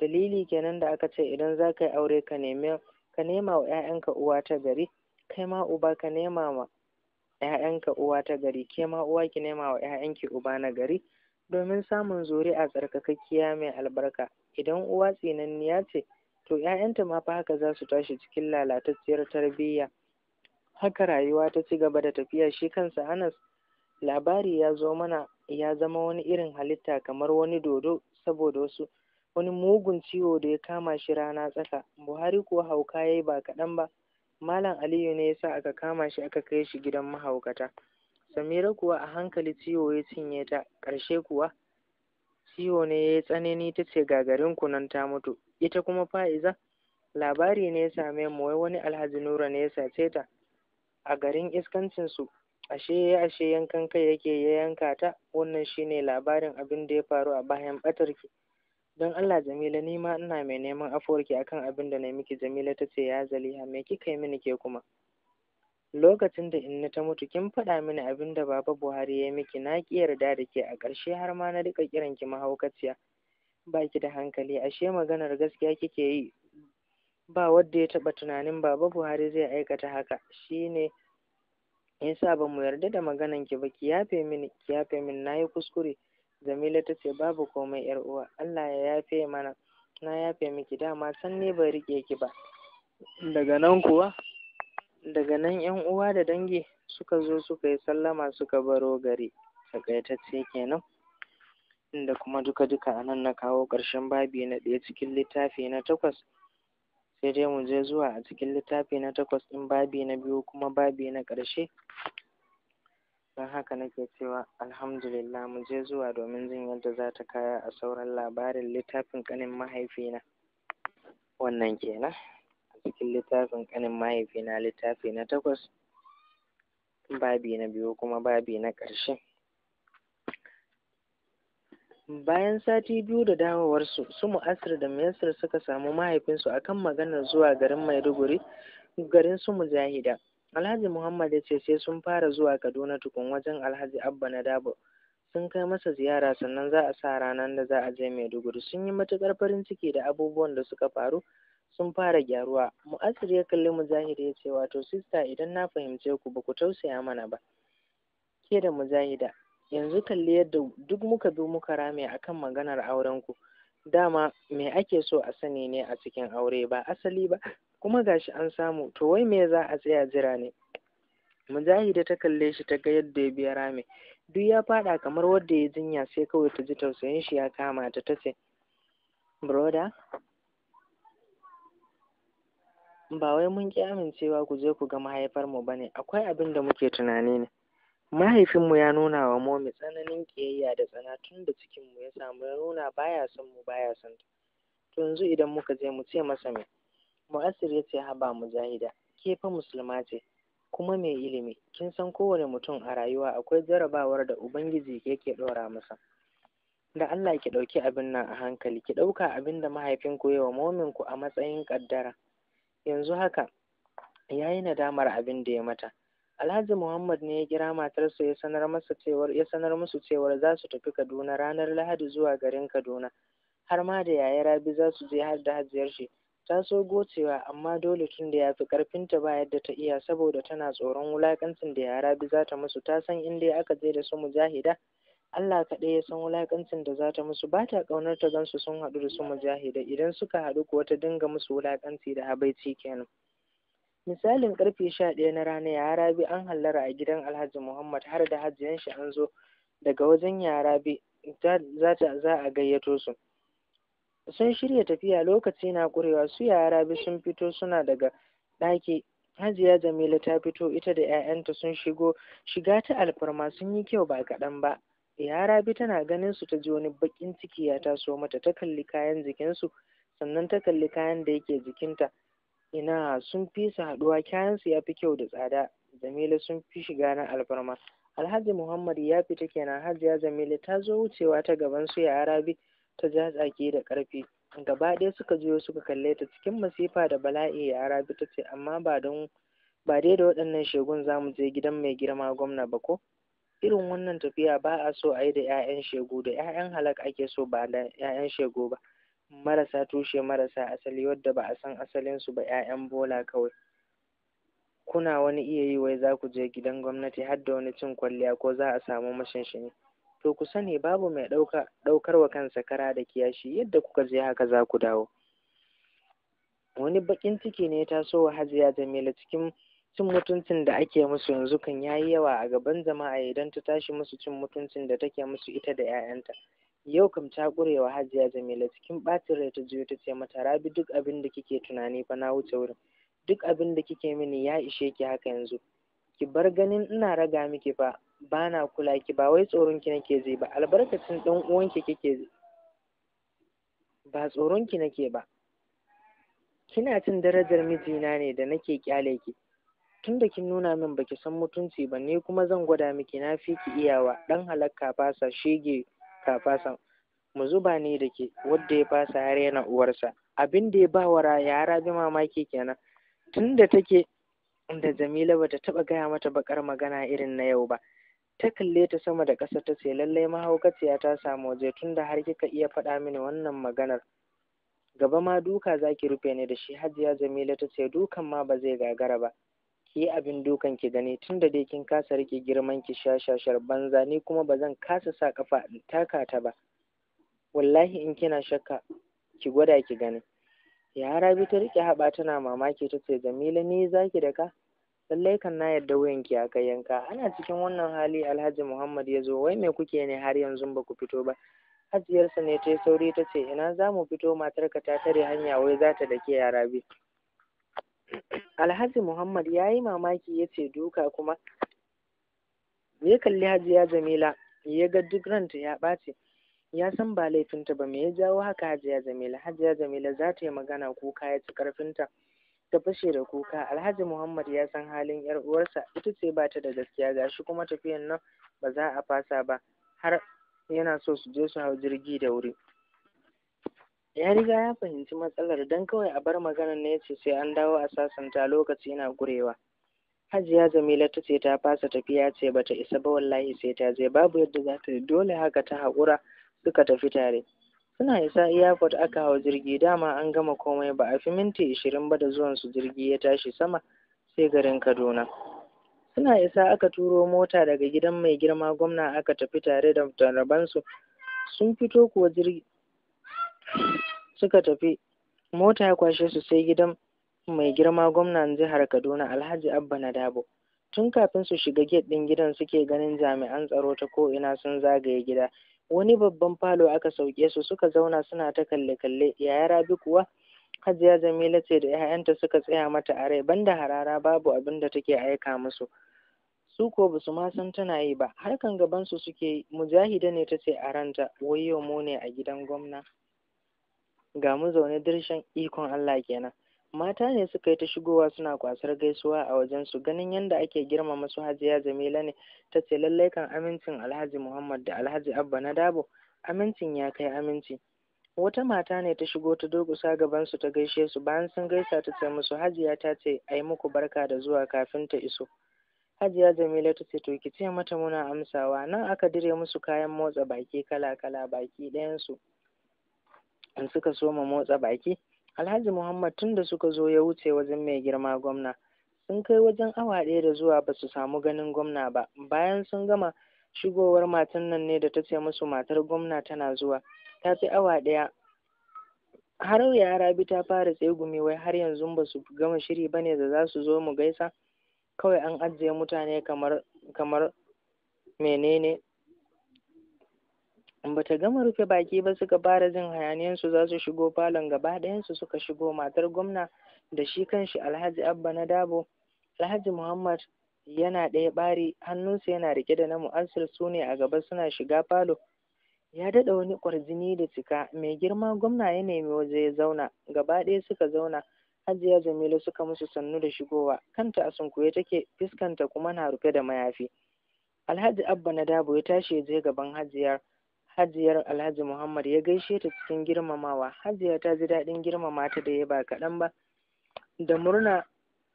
dalili kenan da aka ce idan za ka yi aure ka nema wa 'ya'yanka uwa ta gari kai ma uba ka nema ma ‘ya'yanka uwa ta gari ke ma uwa ki nema wa ‘ya'yanki uba na gari domin samun zuri'a tsarkakakkiya mai albarka idan uwa tsinanniya ce to ‘ya'yanta ma fa haka za su tashi cikin lalatacciyar tarbiyya haka rayuwa ta ci gaba da tafiya shi kansa anas labari ya zo mana ya zama wani irin halitta kamar wani dodo saboda wasu wani mugun ciwo da ya kama shi rana tsaka buhari kuwa hauka ya ba kaɗan ba malam aliyu ne yasa aka kama shi aka kai shi gidan mahaukata samira kuwa a hankali ciwo ya cinye ta Karshe kuwa ciwo ne ya yi tsanani ta ce gagarin kunan ta mutu ita kuma fa'iza labari ne ya same mu wai wani alhaji nura ne ya sace ta a garin iskancinsu ashe ya ashe yankan kai yake ya yanka ta wannan shine labarin abin da ya faru a bayan batarki don Allah Jamila ni ma ina mai neman afuwarki akan abin da na miki Jamila ta ce ya zaliha me kika yi mini ke kuma lokacin da inna ta mutu kin faɗa mini abin da baba Buhari ya miki na ki yarda da ke a ƙarshe har ma na rika kiran ki mahaukaciya baki da hankali ashe maganar gaskiya kike yi ba wanda ya taba tunanin baba Buhari zai aikata haka shine yasa ba mu yarda da maganan ki ba ki yafe mini ki yafe mini nayi kuskure Jamila ta ce babu komai ‘yar uwa, Allah ya yafe mana, na yafe miki dama san ne ban riƙe ki ba. Daga nan kuwa, daga nan ‘yan uwa da dangi suka zo suka yi sallama suka baro gari, takaitacce kenan. Inda kuma duka-duka a nan na kawo ƙarshen babi na ɗaya cikin littafi na takwas. Sai dai mu je zuwa a cikin littafi na takwas ɗin babi na biyu kuma babi na ƙarshe. don haka nake cewa alhamdulillah mu je zuwa domin jin yadda za ta kaya a sauran labarin littafin ƙanin mahaifina wannan kenan a cikin littafin ƙanin mahaifina littafi na takwas babi na biyu kuma babi na ƙarshe bayan sati biyu da dawowarsu su mu'asir da muyassir suka samu mahaifinsu a kan maganar zuwa garin maiduguri garin su mujahida Alhaji Muhammad ya ce sai sun fara zuwa Kaduna tukun wajen Alhaji Abba na Dabo. Sun kai masa ziyara sannan za a sa ranar da za a je Maiduguri. Sun yi matukar farin ciki da abubuwan da suka faru sun fara gyaruwa. Mu'asir ya kalli Mujahid ya ce wato sista idan na fahimce ku ba ku tausaya mana ba. Ke da Mujahida yanzu kalli yadda duk muka bi muka rame akan maganar auren ku Dama me ake so a sani ne a cikin aure ba asali ba kuma gashi an samu to wai me za a tsaya jira ne mujahida ta kalle shi ta ga yadda ya biya rami. duk ya faɗa kamar wadda ya jinya sai kawai ta ji tausayin shi ya kama ta ta ce broda ba wai mun ki amincewa ku je ku ga mahaifar mu bane akwai abin da muke tunani ne mahaifinmu ya nuna wa momi tsananin kiyayya da tsana tun da cikin mu ya samu ya nuna baya son mu baya son to yanzu idan muka je mu ce masa me Mu'assir ya ce haba mujahida ke fa musulma ce kuma mai ilimi kin san kowane mutum a rayuwa akwai jarabawar da ubangiji yake ɗora masa da Allah ki ɗauki abin nan a hankali ki ɗauka abin da mahaifinku yawa ku a matsayin ƙaddara yanzu haka yayi nadamar abin da ya mata Alhaji Muhammad ne ya kira matarsa ya sanar masa cewar ya sanar musu cewar za su tafi Kaduna ranar Lahadi zuwa garin Kaduna har ma da yaya Rabi za su je har da hajiyar shi ta so gocewa amma dole tunda ya fi ƙarfinta ba yadda ta iya saboda tana tsoron wulaƙancin da yara bi za ta musu ta san in dai aka je da su mujahida Allah kaɗai ya san wulaƙancin da za ta musu ba ta ƙaunar ta gansu sun haɗu da su mujahida idan suka haɗu kuwa ta dinga musu wulaƙanci da habaici kenan. Misalin ƙarfe sha ɗaya na rana yara bi an hallara a gidan Alhaji Muhammad har da hajiyan shi an zo daga wajen yara bi za a gayyato su. sun shirya tafiya lokaci na ƙurewa su yara bi sun fito suna daga ɗaki hajiya jamila ta fito ita da 'ya'yanta sun shigo shiga ta alfarma sun yi kyau ba kaɗan ba yara bi tana ganin su ta ji wani bakin ciki ya taso mata ta kalli kayan jikinsu sannan ta kalli kayan da yake jikinta ina sun fi su haɗuwa kayansu ya fi kyau da tsada jamila sun fi shiga na alfarma alhaji muhammad ya fita kenan hajiya jamila ta zo wucewa ta gaban su yara bi ta jazage da ƙarfi gaba ɗaya suka juyo suka kalle ta cikin masifa da bala'i ya arabi ta ce amma ba don ba dai da waɗannan shegun za mu je gidan mai girma gwamna ba ko irin wannan tafiya ba a so a yi da 'ya'yan shegu da 'ya'yan halak ake so ba da 'ya'yan shegu ba marasa tushe marasa asali wadda ba a san asalinsu ba 'ya'yan bola kawai kuna wani iya yi wai za ku je gidan gwamnati har da wani cin kwalliya ko za a samu mashinshini to ku sani babu mai ɗaukar wa kansa kara da kiyashi yadda kuka je haka za ku dawo wani bakin ciki ne ta so wa hajiya jamila cikin cin mutuncin da ake musu yanzu kan yi yawa a gaban jama'a idan ta tashi musu cin mutuncin da take musu ita da 'ya'yanta yau kam ta wa hajiya jamila cikin ɓacin rai ta juyo ta ce mata rabi duk abin da kike tunani fa na wuce wurin duk abin da kike mini ya ishe ki haka yanzu ki bar ganin ina raga miki fa bana kula ki ba wai tsoron ki nake ji ba albarkacin dan uwanki kike ba tsoron ki nake ba kina cin darajar mijina ne da nake kyale ki Tunda da kin nuna min baki san mutunci ba ni kuma zan gwada miki na fi ki iyawa dan halakka fasa shege ka mu zuba ne da ke wadda ya fasa ya rena uwarsa abin da ya ba wa ya rabi mamaki kenan Tunda take da Jamila bata taɓa gaya mata bakar magana irin na yau ba. Ta kalle ta sama da ƙasa ta ce lallai mahaukaciya ta samu waje tunda har kika iya faɗa mini wannan maganar. Gaba ma duka za ki rufe ni da shi Hajiya Jamila ta ce dukan ma ba zai gagara ba. Ki yi abin dukan ki gani tunda dai kin kasa rike girman ki sha shashashar banza ni kuma ba zan kasa sa kafa in taka ta ba. Wallahi in kina shakka ki gwada ki gani. ya rabi ta rike haɓa tana mamaki ta ce jamila ni zaki da ka lallai kan na yadda wuyanki ya kai yanka ana cikin wannan hali alhaji muhammad ya zo wai me kuke ne har yanzu ba ku fito ba hajiyarsa ne ta yi sauri ta ce ina za mu fito matarka ta tare hanya wai za ta dake ya rabi?' alhaji muhammad ya yi mamaki ya ce duka kuma ya kalli hajiya jamila ya ga duk ranta ya ɓace ya san ba laifinta ba me ya jawo haka hajiya jamila hajiya jamila za ta yi magana kuka ya ci karfinta ta fashe da kuka alhaji muhammad ya san halin yar uwarsa ita ce ba ta da gaskiya gashi kuma tafiyan nan ba za a fasa ba har yana so su je su hau jirgi da wuri ya riga ya fahimci matsalar dan kawai a bar maganar ne ce sai an dawo a sasanta lokaci yana gurewa hajiya jamila ta ce ta fasa tafiya ce ba ta isa ba wallahi sai ta je babu yadda za ta dole haka ta haƙura suka tafi tare suna isa airport aka hau jirgi dama an gama komai ba a fi minti ishirin ba da zuwan su jirgi ya tashi sama sai garin kaduna suna isa aka turo mota daga gidan mai girma gwamna aka tafi tare da tarabansu sun fito kuwa jirgi suka tafi mota ya kwashe su sai gidan mai girma gwamnan jihar kaduna alhaji abba na dabo tun kafin su shiga gate ɗin gidan suke ganin jami'an tsaro ta ko'ina sun zagaye gida wani babban falo aka sauke su suka zauna suna ta kalle-kalle yaya rabi kuwa hajiya jamila ce da 'ya'yanta suka tsaya mata a rai banda harara babu abin da take aika musu su ko su ma san tana yi ba harkan gaban su suke yi mujahida ne ta ce a ranta wayo mu ne a gidan gwamna ga mu zaune dirshin ikon Allah kenan mata ne suka yi ta shigowa suna kwasar gaisuwa a wajensu ganin yadda ake girmama su hajiya jamila ne ta ce lallai kan amincin alhaji muhammad da alhaji abba na dabo amincin ya kai aminci wata mata ne ta shigo ta gaban gabansu ta gaishe su bayan sun gaisa ta ce musu hajiya ta ce ai muku barka da zuwa kafin ta iso hajiya jamila ta ce to ki ce mata muna amsawa nan aka dire musu kayan motsa baki kala kala baki ɗayansu in suka soma motsa baki alhaji muhammad tun da suka zo ya wuce wajen mai girma gwamna sun kai wajen awa ɗaya da zuwa ba su samu ganin gwamna ba bayan sun gama shigowar matan nan ne da ta ce musu matar gwamna tana zuwa ta fi awa ɗaya har ya rabi ta fara tsegumi wai har yanzu ba su gama shiri ba ne da za su zo mu gaisa kawai an ajiye mutane kamar menene Ba ta gama rufe baki ba suka fara jin hayaniyar su za su shigo falon gaba su suka shigo matar gwamna da shi kanshi alhaji abba na dabo alhaji muhammad yana ɗaya ɓari hannunsa yana rike da na mu'assir su ne a gaba suna shiga falo ya daɗa wani ƙwarjini da cika mai girma gwamna ya nemi waje ya zauna gaba ɗaya suka zauna hajiya jamilu suka musu sannu da shigowa kanta a sunkuye take Fiskanta kuma na rufe da mayafi alhaji abba na dabo ya tashi ya je gaban hajiyar hajiyar alhaji muhammad ya gaishe ta cikin girmamawa hajiya ta ji daɗin girmama ta da ya ba kaɗan ba da murna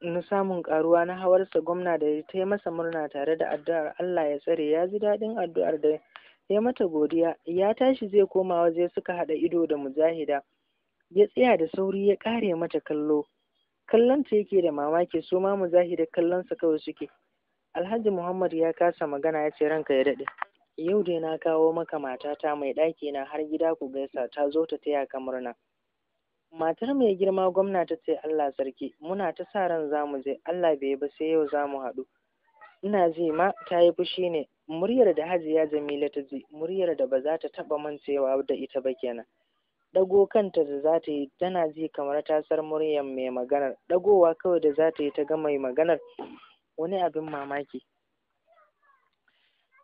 na samun ƙaruwa na hawarsa gwamna da ya yi masa murna tare da addu'ar allah ya tsare ya ji daɗin addu'ar da ya mata godiya ya tashi zai koma waje suka haɗa ido da mujahida ya tsaya da sauri ya ƙare mata kallo kallon ta yake da mamaki su ma mujahida kallon sa kawai suke alhaji muhammad ya kasa magana ya ce ranka ya daɗe Yau dai na kawo maka matata mai ɗaki na har gida ku gaisa ta zo ta taya ka murna. Matar mai girma gwamna ta ce Allah sarki muna ta sa ran za mu je Allah bai ba sai yau za mu haɗu. Ina ji ma ta yi fushi ne muryar da Hajiya Jamila ta ji muryar da ba za ta taɓa mancewa da ita ba kenan. Dago kanta da za ta yi tana ji kamar ta sar muryar mai maganar dagowa kawai da za ta yi ta ga mai maganar wani abin mamaki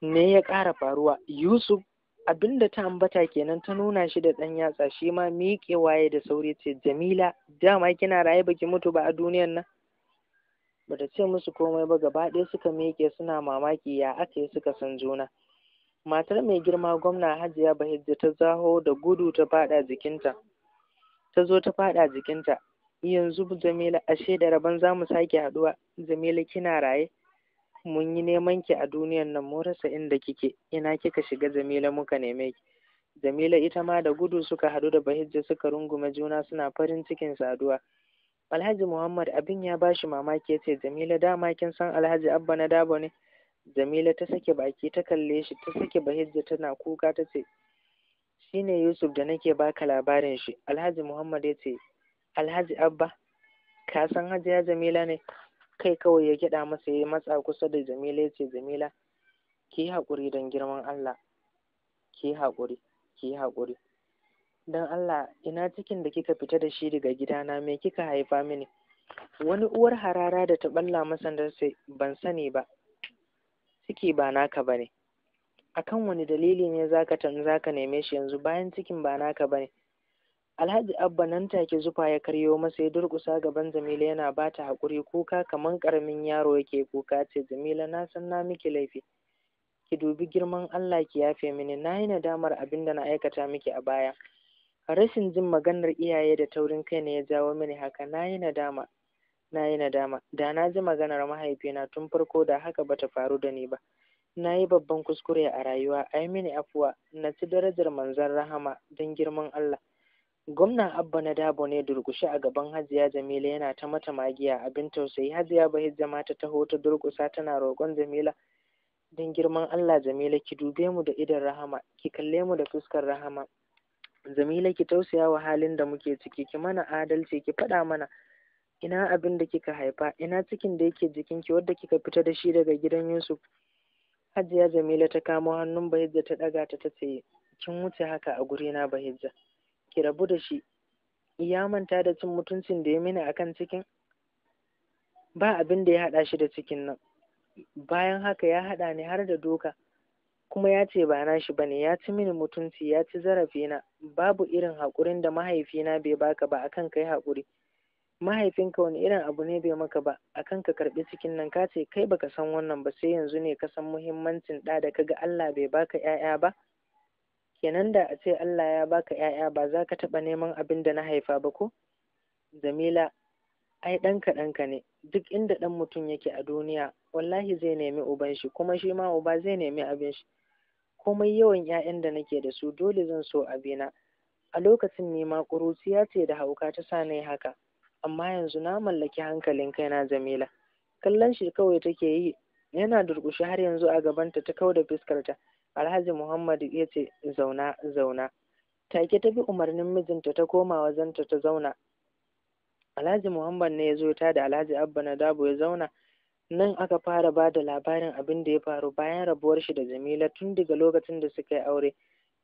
Ne ya ƙara faruwa yusuf abin da ta ambata kenan ta nuna shi da ɗan yatsa shi ma miƙe waye da sauri ce jamila dama kina raye baki mutu ba a duniyan nan bata ce musu komai ba gaba ɗaya suka miƙe suna mamaki ya aka yi suka san juna matar mai girma gwamna hajiya bahijja ta zaho da gudu ta faɗa jikinta ta zo ta faɗa jikinta yanzu jamila ashe da rabon za mu sake haɗuwa jamila kina raye mun yi neman ki a duniyan nan mu rasa inda kike ina kika shiga Jamila muka neme ki Jamila ita ma da gudu suka hadu da Bahijja suka rungume juna suna farin cikin saduwa Alhaji Muhammad abin ya bashi mamaki ya ce Jamila dama kin san Alhaji Abba na Dabo ne Jamila ta sake baki ta kalle shi ta sake Bahijja tana kuka ta ce shine Yusuf da nake baka labarin shi Alhaji Muhammad ya ce Alhaji Abba ka san Hajiya Jamila ne kai kawai ya gyaɗa masa ya matsa kusa da jamila ya ce jamila ki yi haƙuri don girman allah ki yi haƙuri ki yi haƙuri don allah ina cikin da kika fita da shi daga gidana me kika haifa mini wani uwar harara da ta ɓalla masa da ban sani ba ciki ba naka ba ne akan wani dalili ne za ka neme shi yanzu bayan cikin ba naka ba ne Alhaji Abba nan take zufa ya karyo masa ya durƙusa gaban Jamila yana ba ta haƙuri kuka kamar ƙaramin yaro yake kuka ce Jamila na san na miki laifi. Ki dubi girman Allah ki yafe mini na yi nadamar abin da na aikata miki a baya. Rashin jin maganar iyaye da taurin kai ne ya jawo mini haka na yi nadama. Na yi nadama da na ji maganar mahaifina tun farko da haka bata faru da ni ba. na yi babban kuskure a rayuwa ai mini afuwa na ci darajar manzon rahama don girman Allah Gwamnan Abba na Dabo ne durƙushe a gaban Hajiya Jamila yana ta mata magiya abin tausayi Hajiya Bahijja ma ta taho ta durƙusa tana roƙon Jamila don girman Allah Jamila ki dube mu da idon rahama ki kalle mu da fuskar rahama Jamila ki tausaya wa halin da muke ciki ki mana adalci ki faɗa mana ina abin da kika haifa ina cikin da yake jikin ki wadda kika fita da shi daga gidan Yusuf Hajiya Jamila ta kamo hannun Bahijja ta ɗaga ta tace kin wuce haka a gurina Bahijja ki rabu da shi ya manta da cin mutuncin da ya mini a kan cikin ba abin da ya haɗa shi da cikin nan bayan haka ya haɗa ni har da doka kuma ya ce ba nashi ba ne ya ci mini mutunci ya ci zarafina babu irin haƙurin da mahaifina bai baka ba akan kai haƙuri mahaifinka wani irin abu ne bai maka ba A kan ka karɓi cikin nan ka ce kai baka san wannan ba sai yanzu ne ka san muhimmancin ɗa da kaga Allah bai baka 'ya'ya ba kenan da a ce Allah ya baka ‘ya'ya ba za ka taɓa neman abin da na haifa ba ko? Jamila, ai ɗanka ɗanka ne, duk inda ɗan mutum yake a duniya, wallahi zai nemi uban shi, kuma shi ma uba zai nemi abin shi. Komai yawan ‘ya'yan da nake da su dole zan so abina. A lokacin ne ma ƙuruciya ce da hauka ta sa ni haka, amma yanzu na mallaki hankalin kaina Jamila. Kallon shi kawai take yi, yana durƙushi har yanzu a gabanta ta kau da fuskarta. alhaji muhammad ya ce zauna zauna take ta bi umarnin mijinta ta koma wajenta ta zauna alhaji muhammad ne ya zo ta da alhaji abba na dabo ya zauna nan aka fara ba da labarin abin da ya faru bayan rabuwar shi da jamila tun daga lokacin da suka yi aure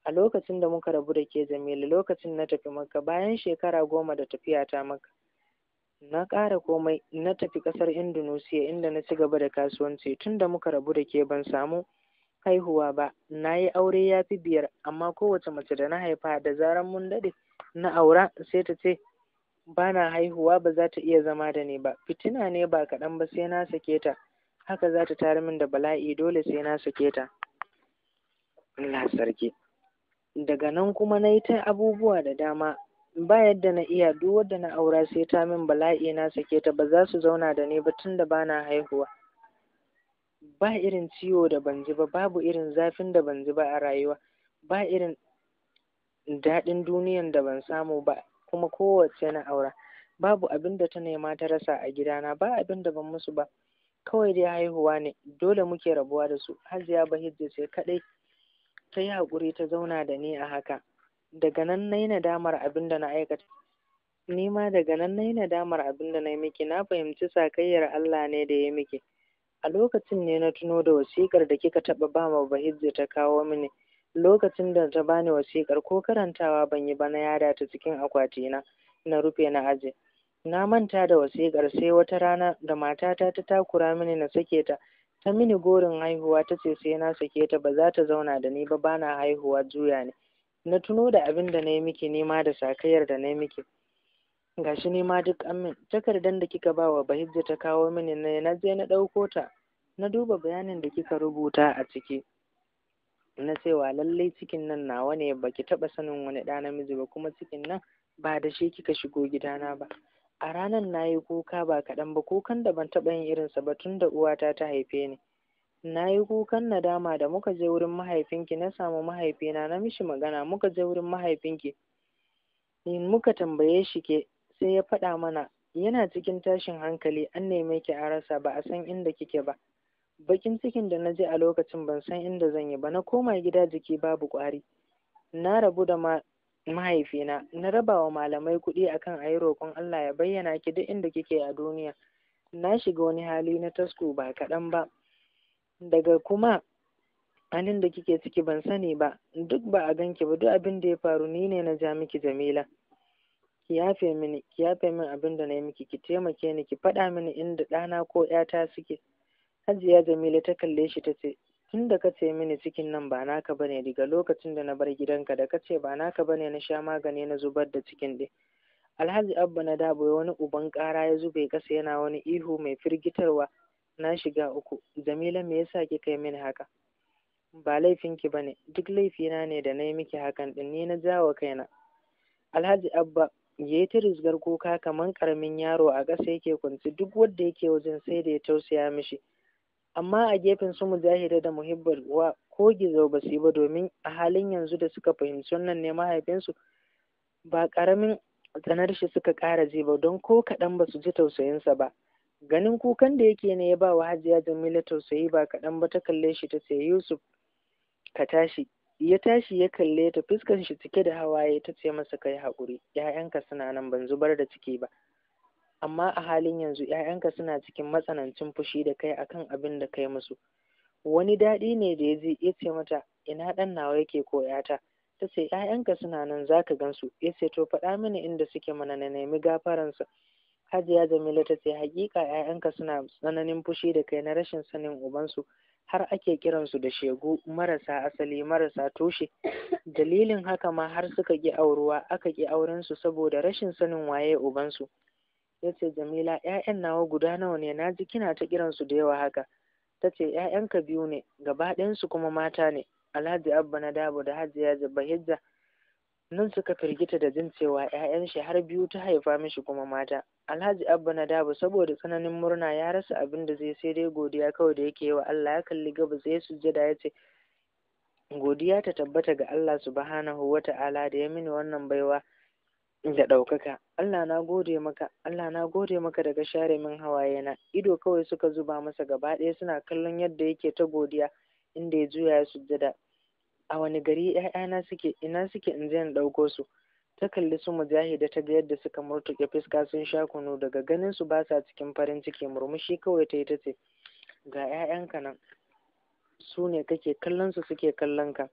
a lokacin da muka rabu da ke jamila lokacin na tafi maka bayan shekara goma da tafiya ta maka na ƙara komai na tafi ƙasar indonesia inda na ci gaba da kasuwanci tun da muka rabu da ke ban samu haihuwa ba na yi aure ya fi biyar amma kowace mace da na haifa da zaran mun daɗe na aura sai ta ce ba na haihuwa ba za ta iya zama da ni ba fitina ne ba kaɗan ba sai na sake ta haka za ta tare min da bala'i dole sai na sake ta Allah sarki daga nan kuma na yi ta abubuwa da dama ba yadda na iya duk wadda na aura sai ta min bala'i na sake ta ba za su zauna da ni ba tun da ba na haihuwa ba irin ciwo da ban ji ba babu irin zafin da ban ji ba a rayuwa ba irin daɗin duniyan da ban samu ba kuma kowace na aura babu abin da ta nema ta rasa a gidana ba abin da ban musu ba kawai dai haihuwa ne dole muke rabuwa da su hajiya hijja ce kaɗai ta yi haƙuri ta zauna da ni a haka daga nan na nadamar abin da na aikata ni ma daga nan na nadamar abin da na yi miki na fahimci sakayyar Allah ne da ya miki a lokacin ne na tuno da wasikar da kika taɓa ba ma bahijja ta kawo mini lokacin da ta bani wasikar ko karantawa ban yi ba na yada ta cikin akwatina na rufe na aje na manta da wasikar, sai wata rana da matata ta takura mini na sake ta ta mini gorin haihuwa ta ce sai na sake ta ba za ta zauna da ni ba bana haihuwa juya ne na tuno da abin da na yi miki nema da sakayar da na yi miki gashi ne ma duk an min takardar da kika ba wa bahijja ta kawo mini ne na je na ɗauko ta na duba bayanin da kika rubuta a ciki na cewa lallai cikin nan nawa ne baki taba sanin wani ɗa namiji ba kuma cikin nan ba da shi kika shigo gidana ba a ranar na yi kuka ba kaɗan ba kukan da ban taɓa yin irinsa ba tun da uwata ta haife ni na yi kukan nadama da muka je wurin mahaifinki na samu mahaifina na mishi magana muka je wurin mahaifinki muka tambaye shi ke sai ya faɗa mana yana cikin tashin hankali an neme ki a rasa ba a san inda kike ba bakin cikin da na je a lokacin ban san inda zan yi ba na koma gida jiki babu ƙwari na rabu da mahaifina na raba wa malamai kuɗi akan a yi roƙon Allah ya bayyana ki duk inda kike a duniya na shiga wani hali na tasko ba kaɗan ba daga kuma halin da kike ciki ban sani ba duk ba a ganki ba duk abin da ya faru ni ne na ja miki jamila ki yafe mini ki yafe min abin da na yi miki ki taimake ni ki faɗa mini inda ɗana ko ƴata suke hajiya jamila ta kalle shi ta ce tun da ka ce mini cikin nan ba naka bane daga lokacin da na bar gidanka da ka ce ba naka bane na sha magani na zubar da cikin ɗin alhaji abba na dabo wani uban ƙara ya zube ƙasa yana wani ihu mai firgitarwa na shiga uku jamila me yasa ki kai mini haka ba laifinki bane duk laifina ne da na yi miki hakan ɗin ni na jawo kaina alhaji abba ya yi ta risgar kuka kamar karamin yaro a ƙasa yake kwanci duk wanda yake wajen sai da ya tausaya mishi amma a gefen su mujahida da muhibbar wa ko gizo ba su ba domin a halin yanzu da suka fahimci wannan ne mahaifinsu ba karamin tsanar shi suka ƙara ji ba don ko kaɗan ba su ji tausayinsa ba ganin kukan da yake ne ya ba wa hajiya jamila tausayi ba kaɗan ba ta kalle shi ta ce yusuf ka tashi ya tashi ya kalle ta fuskar shi cike da hawaye ta ce masa kai haƙuri ‘ya'yanka suna nan ban zubar da ciki ba amma a halin yanzu ‘ya'yanka suna cikin matsanancin fushi da kai akan abin da kai musu wani daɗi ne da ya ji ya ce mata ina ɗan nawa yake ko ‘yata ta ce ‘ya'yanka suna nan za ka gansu ya ce to faɗa mini inda suke mana na nemi gafaransa hajiya jamila ta ce haƙiƙa ‘ya'yanka suna tsananin fushi da kai na rashin sanin ubansu har ake kiransu da shegu marasa asali marasa tushe dalilin haka ma har suka ƙi auruwa aka ƙi aurensu saboda rashin sanin waye ubansu ya ce jamila 'ya'yan nawa guda nawa ne na ji kina ta kiransu da yawa haka ta ce 'ya'yanka biyu ne gaba ɗayansu kuma mata ne alhaji abba na dabo da hajiya jabba hijja nan suka firgita da jin cewa 'ya'yan shi har biyu ta haifa mishi kuma mata alhaji abba na dabu saboda tsananin murna ya rasa abin da zai sai dai godiya kawai da yake wa allah ya kalli gaba zai sujjada ya ce godiya ta tabbata ga allah subhanahu wa ta'ala da ya mini wannan baiwa da ɗaukaka allah na gode maka allah na gode maka daga share min hawaye na ido kawai suka zuba masa gaba ɗaya suna kallon yadda yake ta godiya inda ya juya ya sujjada a wani gari ‘ya'yana suke ina suke in je in ɗauko su ta kalli su mujahida ta ga yadda suka murtuke fuska sun sha kunu daga ganin su ba sa cikin farin ciki murmushi kawai ta yi ta ce ga ‘ya'yanka nan su ne kake kallon su suke kallon ka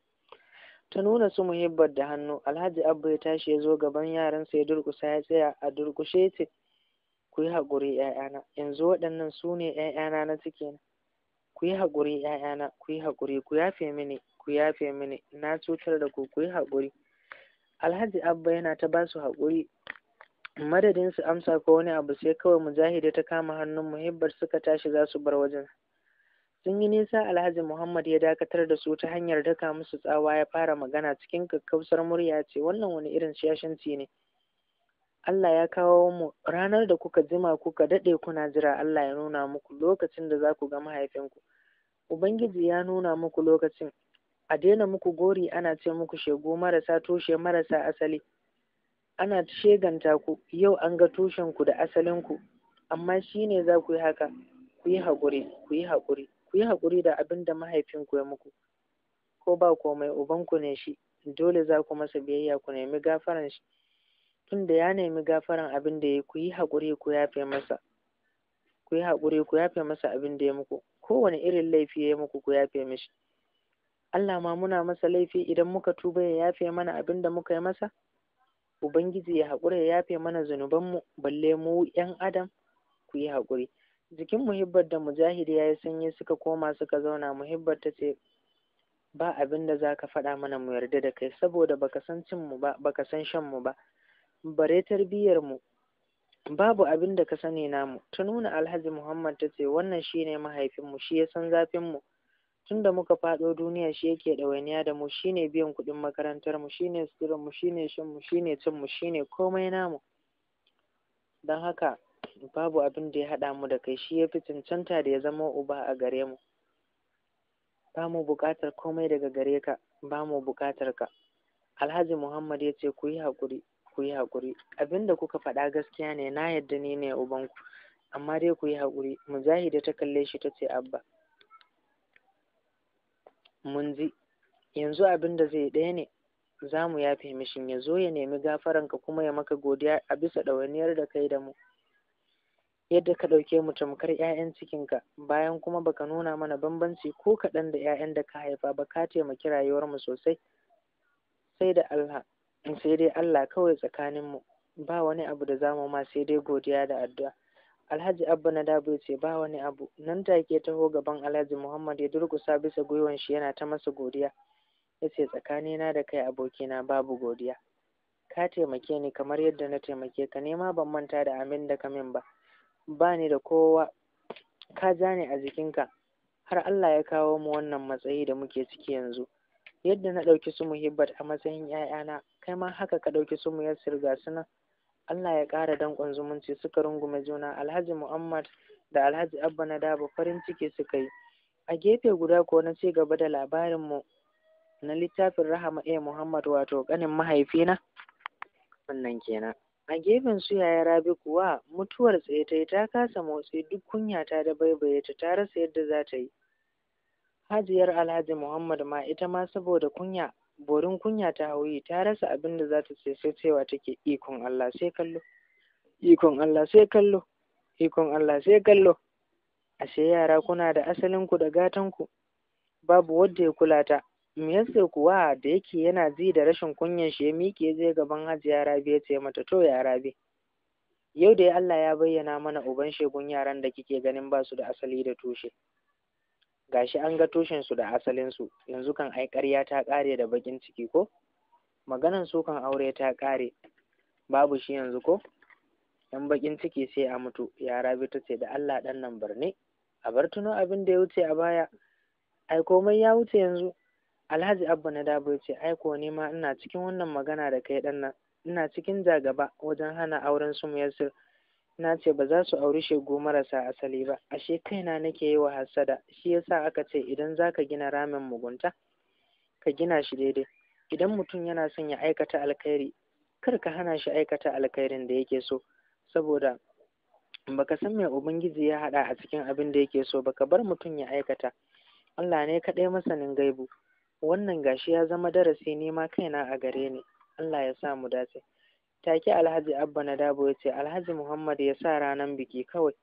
ta nuna su muhibbar da hannu alhaji abba ya tashi ya zo gaban yaransa ya durƙusa ya tsaya a durƙushe ce ku yi haƙuri ‘ya'yana yanzu waɗannan su ne ‘ya'yana na ciki ku yi haƙuri ‘ya'yana ku yi haƙuri ku yafe mini ku yafe mini na cutar da ku ku haƙuri alhaji abba yana ta basu su haƙuri madadin su amsa ko wani abu sai kawai mujahida ta kama hannun muhibbar suka tashi za su bar wajen sun yi nisa alhaji muhammad ya dakatar da su ta hanyar daka musu tsawa ya fara magana cikin kakkausar murya ce wannan wani irin shashanci ne Allah ya kawo mu ranar da kuka jima kuka daɗe kuna jira Allah ya nuna muku lokacin da za ku ga mahaifinku Ubangiji ya nuna muku lokacin a daina muku gori ana ce muku shegu marasa tushe marasa asali ana sheganta ku yau an ga ku da asalinku amma shi ne za ku yi haka ku yi haƙuri ku yi haƙuri ku yi haƙuri da abin da mahaifinku ya muku ko ba komai ubanku ne shi dole za ku masa biyayya ku nemi gafaran shi tunda ya nemi gafaran abin da ya ku yi haƙuri ku yafe masa ku yi haƙuri ku yafe masa abin da ya muku kowane irin laifi ya muku ku yafe mishi Allah ma muna masa laifi idan muka tuba ya yafe mana abin da muka yi masa ubangiji ya haƙura ya yafe mana zunubanmu balle mu yan adam ku yi haƙuri jikin muhibbar da mujahidi ya yi sanyi suka koma suka zauna muhibbar ta ce ba abin da za ka faɗa mana mu yarda da kai saboda baka san cin mu ba baka san shan mu ba bare tarbiyyar mu babu abin da ka sani namu ta nuna alhaji muhammad ta ce wannan shine mahaifinmu shi ya san zafin mu tun da muka faɗo duniya shi yake ɗawainiya da mu shine biyan kuɗin makarantar mu shine suturar mu shine shan mu shine cin mu shine komai namu don haka babu abin da ya haɗa mu da kai shi ya fi cancanta da ya zama uba a gare mu ba mu buƙatar komai daga gare ka ba mu buƙatar ka alhaji muhammad ya ce ku yi haƙuri ku yi haƙuri abin da kuka faɗa gaskiya ne na yadda ni ne ubanku amma dai ku yi haƙuri mujahida ta kalle shi ta ce abba mun ji yanzu abin da zai ɗaya ne za mu yafe mishin ya zo ya nemi gafaranka kuma ya maka godiya a bisa ɗawainiyar da kai da mu yadda ka ɗauke mu tamkar 'ya'yan cikinka bayan kuma baka nuna mana bambanci ko kaɗan da 'ya'yan da ka haifa ba ka taimaki rayuwarmu sosai sai da Allah sai dai Allah kawai tsakaninmu ba wani abu da za mu ma sai dai godiya da addu'a alhaji abba na dabo ce ba wani abu nan take taho gaban alhaji muhammad ya durkusa bisa gwiwan shi yana ta masa godiya ya ce tsakanina da kai abokina babu godiya ka taimake ni kamar yadda na taimake ka nema ban manta da amin da kamin ba ba ni da kowa ka ja ni a jikinka har Allah ya kawo mu wannan matsayi da muke ciki yanzu yadda na ɗauki su muhibbat a matsayin ‘ya'yana kai ma haka ka ɗauki su mu yassir ga su nan Allah ya ƙara danƙon zumunci suka rungume juna Alhaji Muhammad da Alhaji Abba na Dabo farin ciki suka yi. A gefe guda ko na ci gaba da labarinmu na littafin Rahama A. Muhammad wato ƙanin mahaifina. Wannan kenan. A gefen su yaya Rabi kuwa mutuwar tsaye ta yi ta kasa motsi duk kunya ta da baibaye ta ta rasa yadda za ta yi. Hajiyar Alhaji Muhammad ma ita ma saboda kunya borin kunya ta hauyi ta rasa abin da za ta ce sai cewa take ikon Allah sai kallo ikon Allah sai kallo ikon Allah sai kallo ashe yara kuna da asalin ku da gatan ku babu wanda ya kula ta me yasa kuwa da yake yana ji da rashin kunyan shi ya miƙe je gaban Hajiya Rabi ya ce mata to ya Rabi yau da Allah ya bayyana mana uban shegun yaran da kike ganin ba su da asali da tushe gashi an ga tushensu da asalinsu yanzu kan ai ƙarya ta ƙare da baƙin ciki ko maganan su kan aure ta ƙare babu shi yanzu ko yan baƙin ciki sai a mutu ya rabi ta ce da allah ɗan nan barne a bar tuno abin da ya wuce a baya ai komai ya wuce yanzu alhaji abba na dabo ce ai ko ne ma ina cikin wannan magana da kai ɗan nan ina cikin jagaba wajen hana auren su muyassir na ce ba za su auri shegu marasa asali ba ashe kaina nake yi wa hassada shi yasa aka ce idan za ka gina ramin mugunta ka gina shi daidai idan mutum yana son ya aikata alkhairi kar ka hana shi aikata alkhairin da yake so saboda baka san me ubangiji ya haɗa a cikin abin da yake so ba ka bar mutum ya aikata Allah ne kaɗai masanin gaibu wannan gashi ya zama darasi nima kaina a gare ni Allah ya sa mu dace take alhaji abba na dabo ya ce alhaji muhammad ya sa ranar biki kawai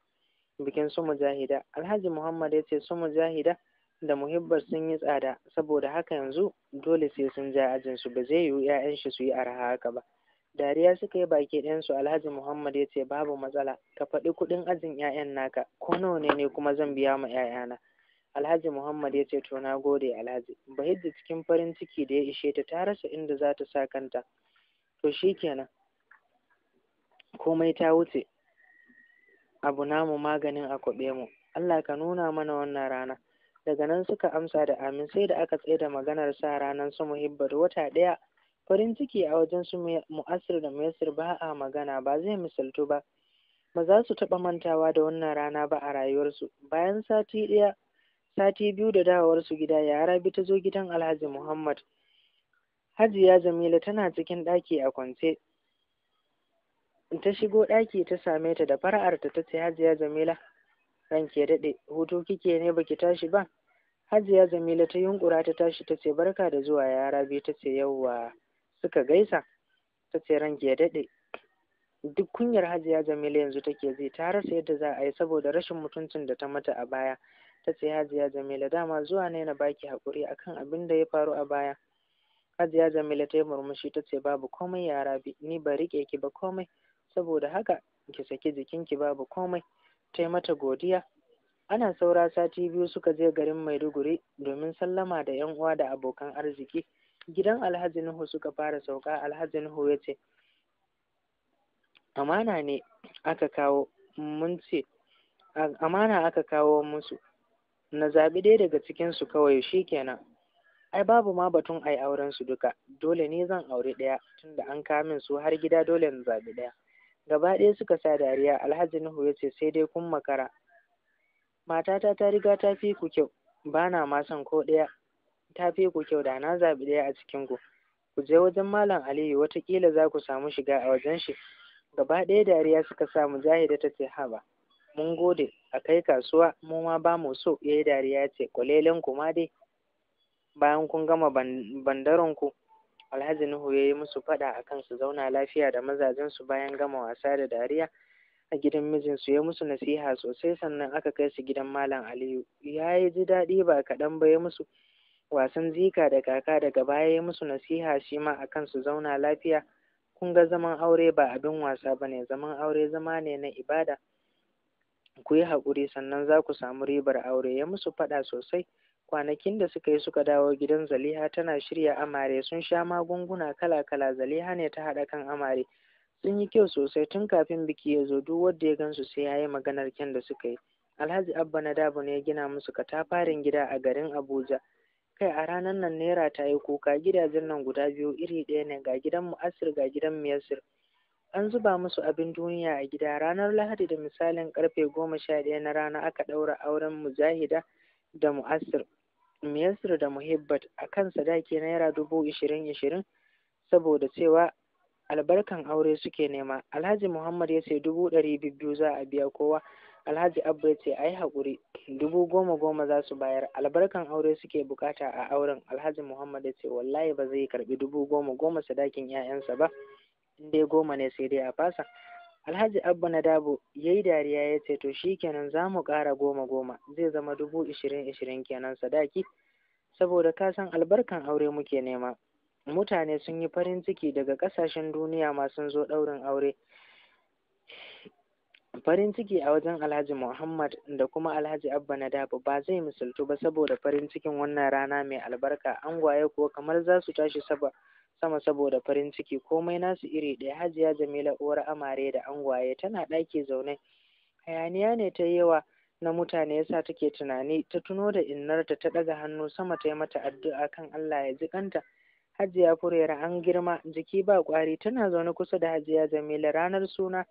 bikin su mujahida alhaji muhammad ya ce su mujahida da muhibbar sun yi tsada saboda haka yanzu dole sai sun ja su. ba zai yiwu 'ya'yan shi su yi arha haka ba dariya suka yi baki ɗayansu alhaji muhammad ya ce babu matsala ka faɗi kuɗin ajin 'ya'yan naka ko nawa ne ne kuma zan biya ma 'ya'yana alhaji muhammad ya ce to na gode alhaji bahijji cikin farin ciki da ya ishe ta ta rasa inda za ta sa kanta to shikenan komai ta wuce abu namu maganin a kwaɓe mu Allah ka nuna mana wannan rana daga nan suka amsa da amin sai da aka tsaye da maganar sa ranar su muhibbar wata ɗaya farin ciki a wajen su mu'asir da muyassir ba a magana ba zai misaltu ba ba za su taɓa mantawa da wannan rana ba a rayuwarsu bayan sati ɗaya sati biyu da dawowarsu gida yara bi ta zo gidan alhaji muhammad hajiya jamila tana cikin ɗaki a kwance ta shigo ɗaki ta same ta da fara'arta ta ce hajiya jamila ranke daɗe hutu kike ne baki tashi ba hajiya jamila ta yunkura ta tashi ta ce barka da zuwa yara biyu ta ce yauwa suka gaisa ta ce "Ranke daɗe duk kunyar hajiya jamila yanzu take zai ta rasa yadda za a yi saboda rashin mutuncin da ta mata a baya ta ce hajiya jamila dama zuwa ne na baki haƙuri akan abin da ya faru a baya hajiya jamila ta yi murmushi ta ce babu komai yara bi ni ba riƙe ki ba komai saboda haka ki saki jikinki babu komai ta mata godiya ana saura sati biyu suka je garin maiduguri domin sallama da yan uwa da abokan arziki gidan alhaji nuhu suka fara sauka alhaji nuhu ya ce amana ne aka kawo mun ce amana aka kawo musu na zaɓi ɗaya daga cikinsu kawai shi kenan ai babu ma batun ai auren su duka dole ne zan aure ɗaya tunda an kamin su har gida dole na zaɓi ɗaya gaba ɗaya suka sa dariya alhaji nuhu ya ce sai dai kun makara matata ta riga ta fi ku kyau ba na ma son ko ɗaya ta fi ku kyau da na zaɓi ɗaya a cikin ku ku je wajen malam aliyu watakila za ku samu shiga a wajen shi gaba ɗaya dariya suka sa mujahida ta ce haba mun gode a kai kasuwa mu ma ba mu so ya yi dariya ce kwalelen ku ma dai bayan kun gama bandaron ku Alhaji Nuhu ya yi musu faɗa akan su zauna lafiya da mazajensu bayan gama wasa da dariya a gidan mijinsu ya musu nasiha sosai sannan aka kai su gidan Malam Aliyu. Ya yi ji daɗi ba kaɗan ba ya musu wasan zika da kaka daga baya ya musu nasiha Shima akan su zauna lafiya. Kun ga zaman aure ba abin wasa ba ne, zaman aure zama ne na ibada. Ku yi haƙuri sannan za ku samu ribar aure ya musu faɗa sosai. kwanakin da suka yi suka dawo gidan zaliha tana shirya amare sun sha magunguna kala-kala zaliha ne ta haɗa kan amare sun yi kyau sosai tun kafin biki ya zo duk wanda ya gansu sai ya yi maganar kyan da suka yi alhaji abba na dabu ne ya gina musu katafarin gida a garin abuja kai a ranar nan naira ta yi kuka gidajen nan guda biyu iri ɗaya ne ga gidan mu'assir ga gidan miyassir an zuba musu abin duniya a gida ranar lahadi da misalin karfe goma sha ɗaya na rana aka ɗaura auren mujahida da mu'assir muyassir da muhibbat a kan sadaki naira dubu ishirin ishirin saboda cewa albarkan aure suke nema alhaji muhammad ya ce dubu ɗari biyu za a biya kowa alhaji abba ya ce a yi haƙuri dubu goma goma za su bayar albarkan aure suke bukata a auren alhaji muhammad ya ce wallahi ba zai karbi dubu goma goma sadakin 'ya'yansa ba in dai goma ne sai dai a fasa Alhaji Abba na Dabo ya yi dariya ya ce to shi kenan za mu ƙara goma goma zai zama dubu ishirin ishirin kenan sadaki saboda ka san albarkan aure muke nema. Mutane sun yi farin ciki daga ƙasashen duniya masu zo ɗaurin aure. Farin ciki a wajen Alhaji Muhammad da kuma Alhaji Abba na Dabo ba zai misaltu ba saboda farin cikin wannan rana mai albarka angwaye kuwa kamar za su tashi saba sama saboda farin ciki komai nasu iri ɗaya hajiya jamila uwar amare da angwaye tana ɗaki zaune hayaniya ne ta yawa na mutane yasa take tunani ta tuno da innarta ta ɗaga hannu sama ta yi mata addu'a kan Allah ya ji kanta hajiya furera an girma jiki ba ƙwari tana zaune kusa da hajiya jamila ranar suna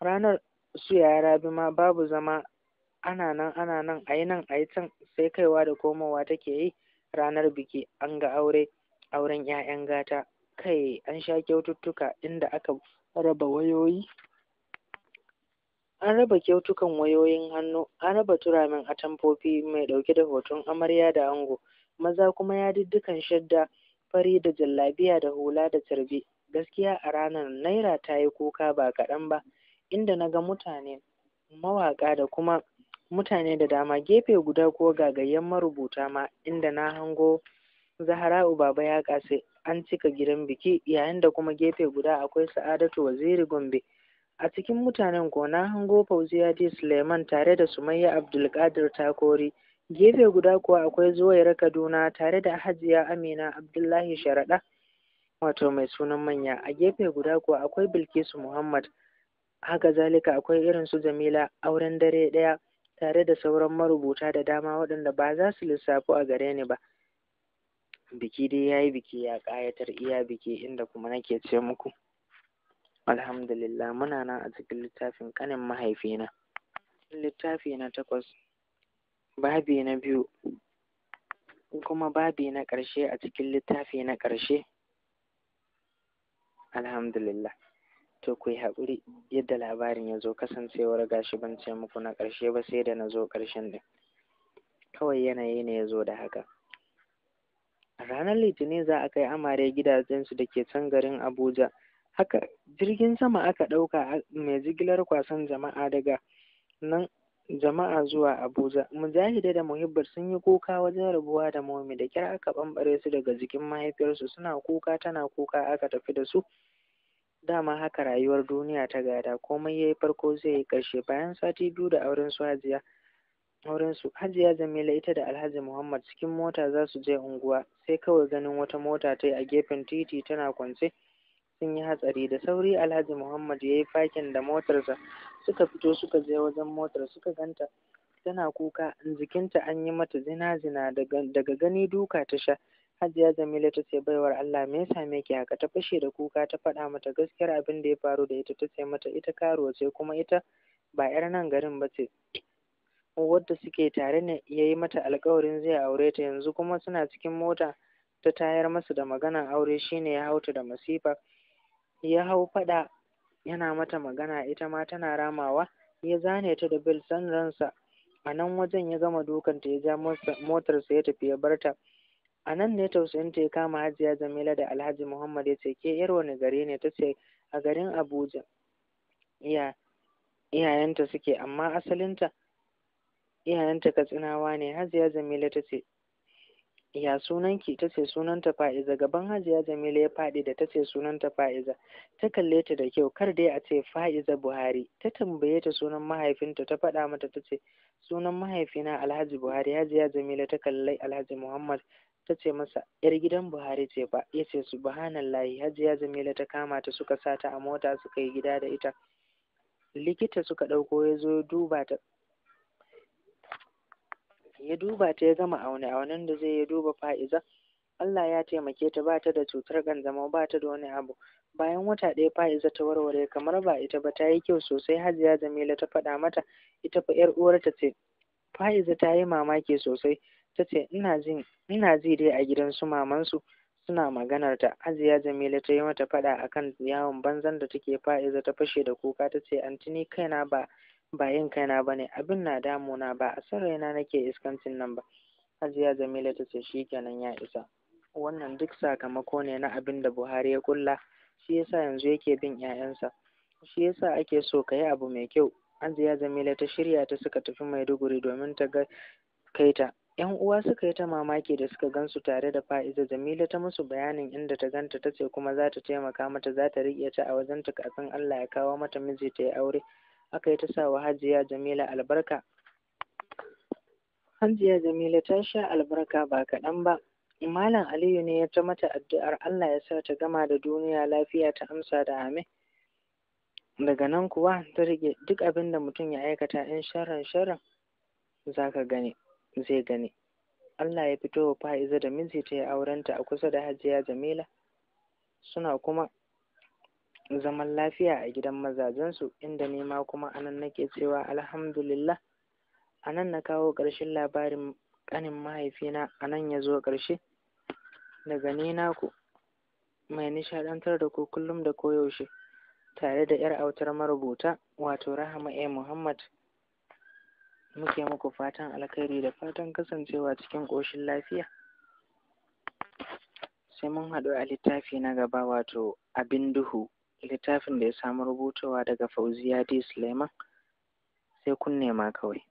ranar su yara ma babu zama ana nan ana nan ayi nan ayi can sai kaiwa da komowa take yi ranar biki an ga aure auren 'ya'yan gata kai an sha kyaututtuka inda aka raba wayoyi an raba kyautukan wayoyin hannu an raba turamin atamfofi mai ɗauke da hoton amarya da ango maza kuma ya shadda fari da jallabiya da hula da carbi gaskiya a ranar naira ta yi kuka ba kaɗan ba inda na ga mutane mawaƙa da kuma mutane da dama gefe guda ko gagayen marubuta ma inda na hango Zahra'u Baba ya kasai an cika gidan biki yayin da kuma gefe guda akwai Sa'adatu Waziri Gombe. A cikin mutanen kona na hango Fauziya D. Suleiman tare da Sumayya Abdulkadir Takori. Gefe guda kuwa akwai Zuwaira Kaduna tare da Hajiya Amina Abdullahi Sharaɗa wato mai sunan manya. A gefe guda kuwa akwai Bilkisu Muhammad. Haka zalika akwai irin su Jamila auren dare ɗaya tare da sauran marubuta da dama waɗanda ba za su lissafo a gare ni ba. biki dai ya yi biki ya ƙayatar iya biki inda kuma nake ce muku alhamdulillah muna nan a cikin littafin ƙanin mahaifina littafi na takwas babi na biyu kuma babi na ƙarshe a cikin littafi na ƙarshe alhamdulillah to ku yi haƙuri yadda labarin ya zo kasancewar gashi ban ce muku na ƙarshe ba sai da na zo ƙarshen din kawai yanayi ne ya zo da haka A ranar Litinin za a kai amare gidajensu da ke can garin Abuja. Haka jirgin sama aka ɗauka mai jigilar kwasan jama'a daga nan jama'a zuwa Abuja. Mujahida da Muhibbar sun yi kuka wajen rabuwa da Momi da kyar aka bambare su daga jikin mahaifiyarsu suna kuka tana kuka aka tafi da su. Dama haka rayuwar duniya ta gada komai ya yi farko zai yi ƙarshe bayan sati biyu da auren su sauransu hajiya jamila ita da alhaji muhammad cikin mota za su je unguwa sai kawai ganin wata mota ta yi a gefen titi tana kwance sun yi hatsari da sauri alhaji muhammad ya yi fakin da motarsa suka fito suka je wajen motar suka ganta tana kuka jikinta an yi mata zina-zina daga gani duka ta sha hajiya jamila ta ce baiwar allah me ya same ki haka ta fashe da kuka ta faɗa mata gaskiyar abin da ya faru da ita ta ce mata ita karuwa ce kuma ita ba 'yar nan garin ba ce wadda suke tare ne ya yi mata alkawarin zai aure ta yanzu kuma suna cikin mota ta tayar masa da maganan aure shine ya hauta da masifa ya hau faɗa yana mata magana ita ma tana ramawa ya zane ta da bil san ransa a nan wajen ya gama ta ya ja motarsa ya tafi ya bar ta a nan ne tausayin ta ya kama hajiya jamila da alhaji muhammad ya ce ke yar wani gari ne ta ce a garin abuja iyayenta suke amma asalinta iyayenta katsinawa ne hajiya jamila ta ce ya sunanki ta ce sunanta fa'iza gaban hajiya jamila ya faɗi da ta ce sunanta fa'iza ta kalle ta da kyau kar dai a ce fa'iza buhari ta tambaye ta sunan mahaifinta ta faɗa mata ta ce sunan mahaifina alhaji buhari hajiya jamila ta kalle alhaji muhammad ta ce masa yar gidan buhari ce ba ya ce subhanallahi hajiya jamila ta kama ta suka sata a mota suka yi gida da ita likita suka ɗauko ya zo duba ta ya duba ta ya gama aune aunen da zai ya duba fa'iza Allah ya taimake ta ba ta da cutar ganzama ba ta da wani abu bayan wata ɗaya fa'iza ta warware kamar ba ita ba ta yi kyau sosai hajiya jamila ta faɗa mata ita fa yar ta ce fa'iza ta yi mamaki sosai ta ce ina jin ina ji dai a gidan su mamansu suna maganar ta hajiya jamila ta yi mata faɗa akan yawon banzan da take fa'iza ta fashe da kuka ta ce antini kaina ba ba yin kaina ba ne abin na damuna ba a san raina nake iskancin nan ba hajiya jamila ta ce shi shikenan ya isa wannan duk sakamako ne na abin da buhari ya kulla shi yasa yanzu yake bin 'ya'yansa shi yasa ake so ka yi abu mai kyau hajiya jamila ta shirya ta suka tafi maiduguri domin ta ga ta. Ƴan uwa suka yi ta mamaki da suka gansu tare da fa'iza jamila ta musu bayanin inda ta ganta ta ce kuma za ta taimaka mata za ta riƙe ta a wajenta kafin allah ya kawo mata miji ta yi aure aka yi ta sawa hajiya jamila albarka hajiya jamila ta sha albarka ba kaɗan ba malam aliyu ne ya ta mata addu'ar allah ya sa ta gama da duniya lafiya ta amsa da amin daga nan kuwa ta rage duk abin da mutum ya aikata in sharan sharan za ka gane zai gane allah ya fito wa fa'iza da miji ta yi aurenta a kusa da hajiya jamila suna kuma zaman lafiya a gidan mazajensu inda nema kuma anan nake cewa alhamdulillah anan na kawo ƙarshen labarin ƙanin mahaifina anan ya zo ƙarshe daga ni naku mai nishadantar da ku kullum da koyaushe tare da 'yar autar marubuta wato rahama a muhammad muke muku fatan alkhairi da fatan kasancewa cikin ƙoshin lafiya sai mun haɗu a littafi na gaba wato abin duhu littafin da ya samu rubutawa daga Fauziya D. Sulaiman sai kunne ma kawai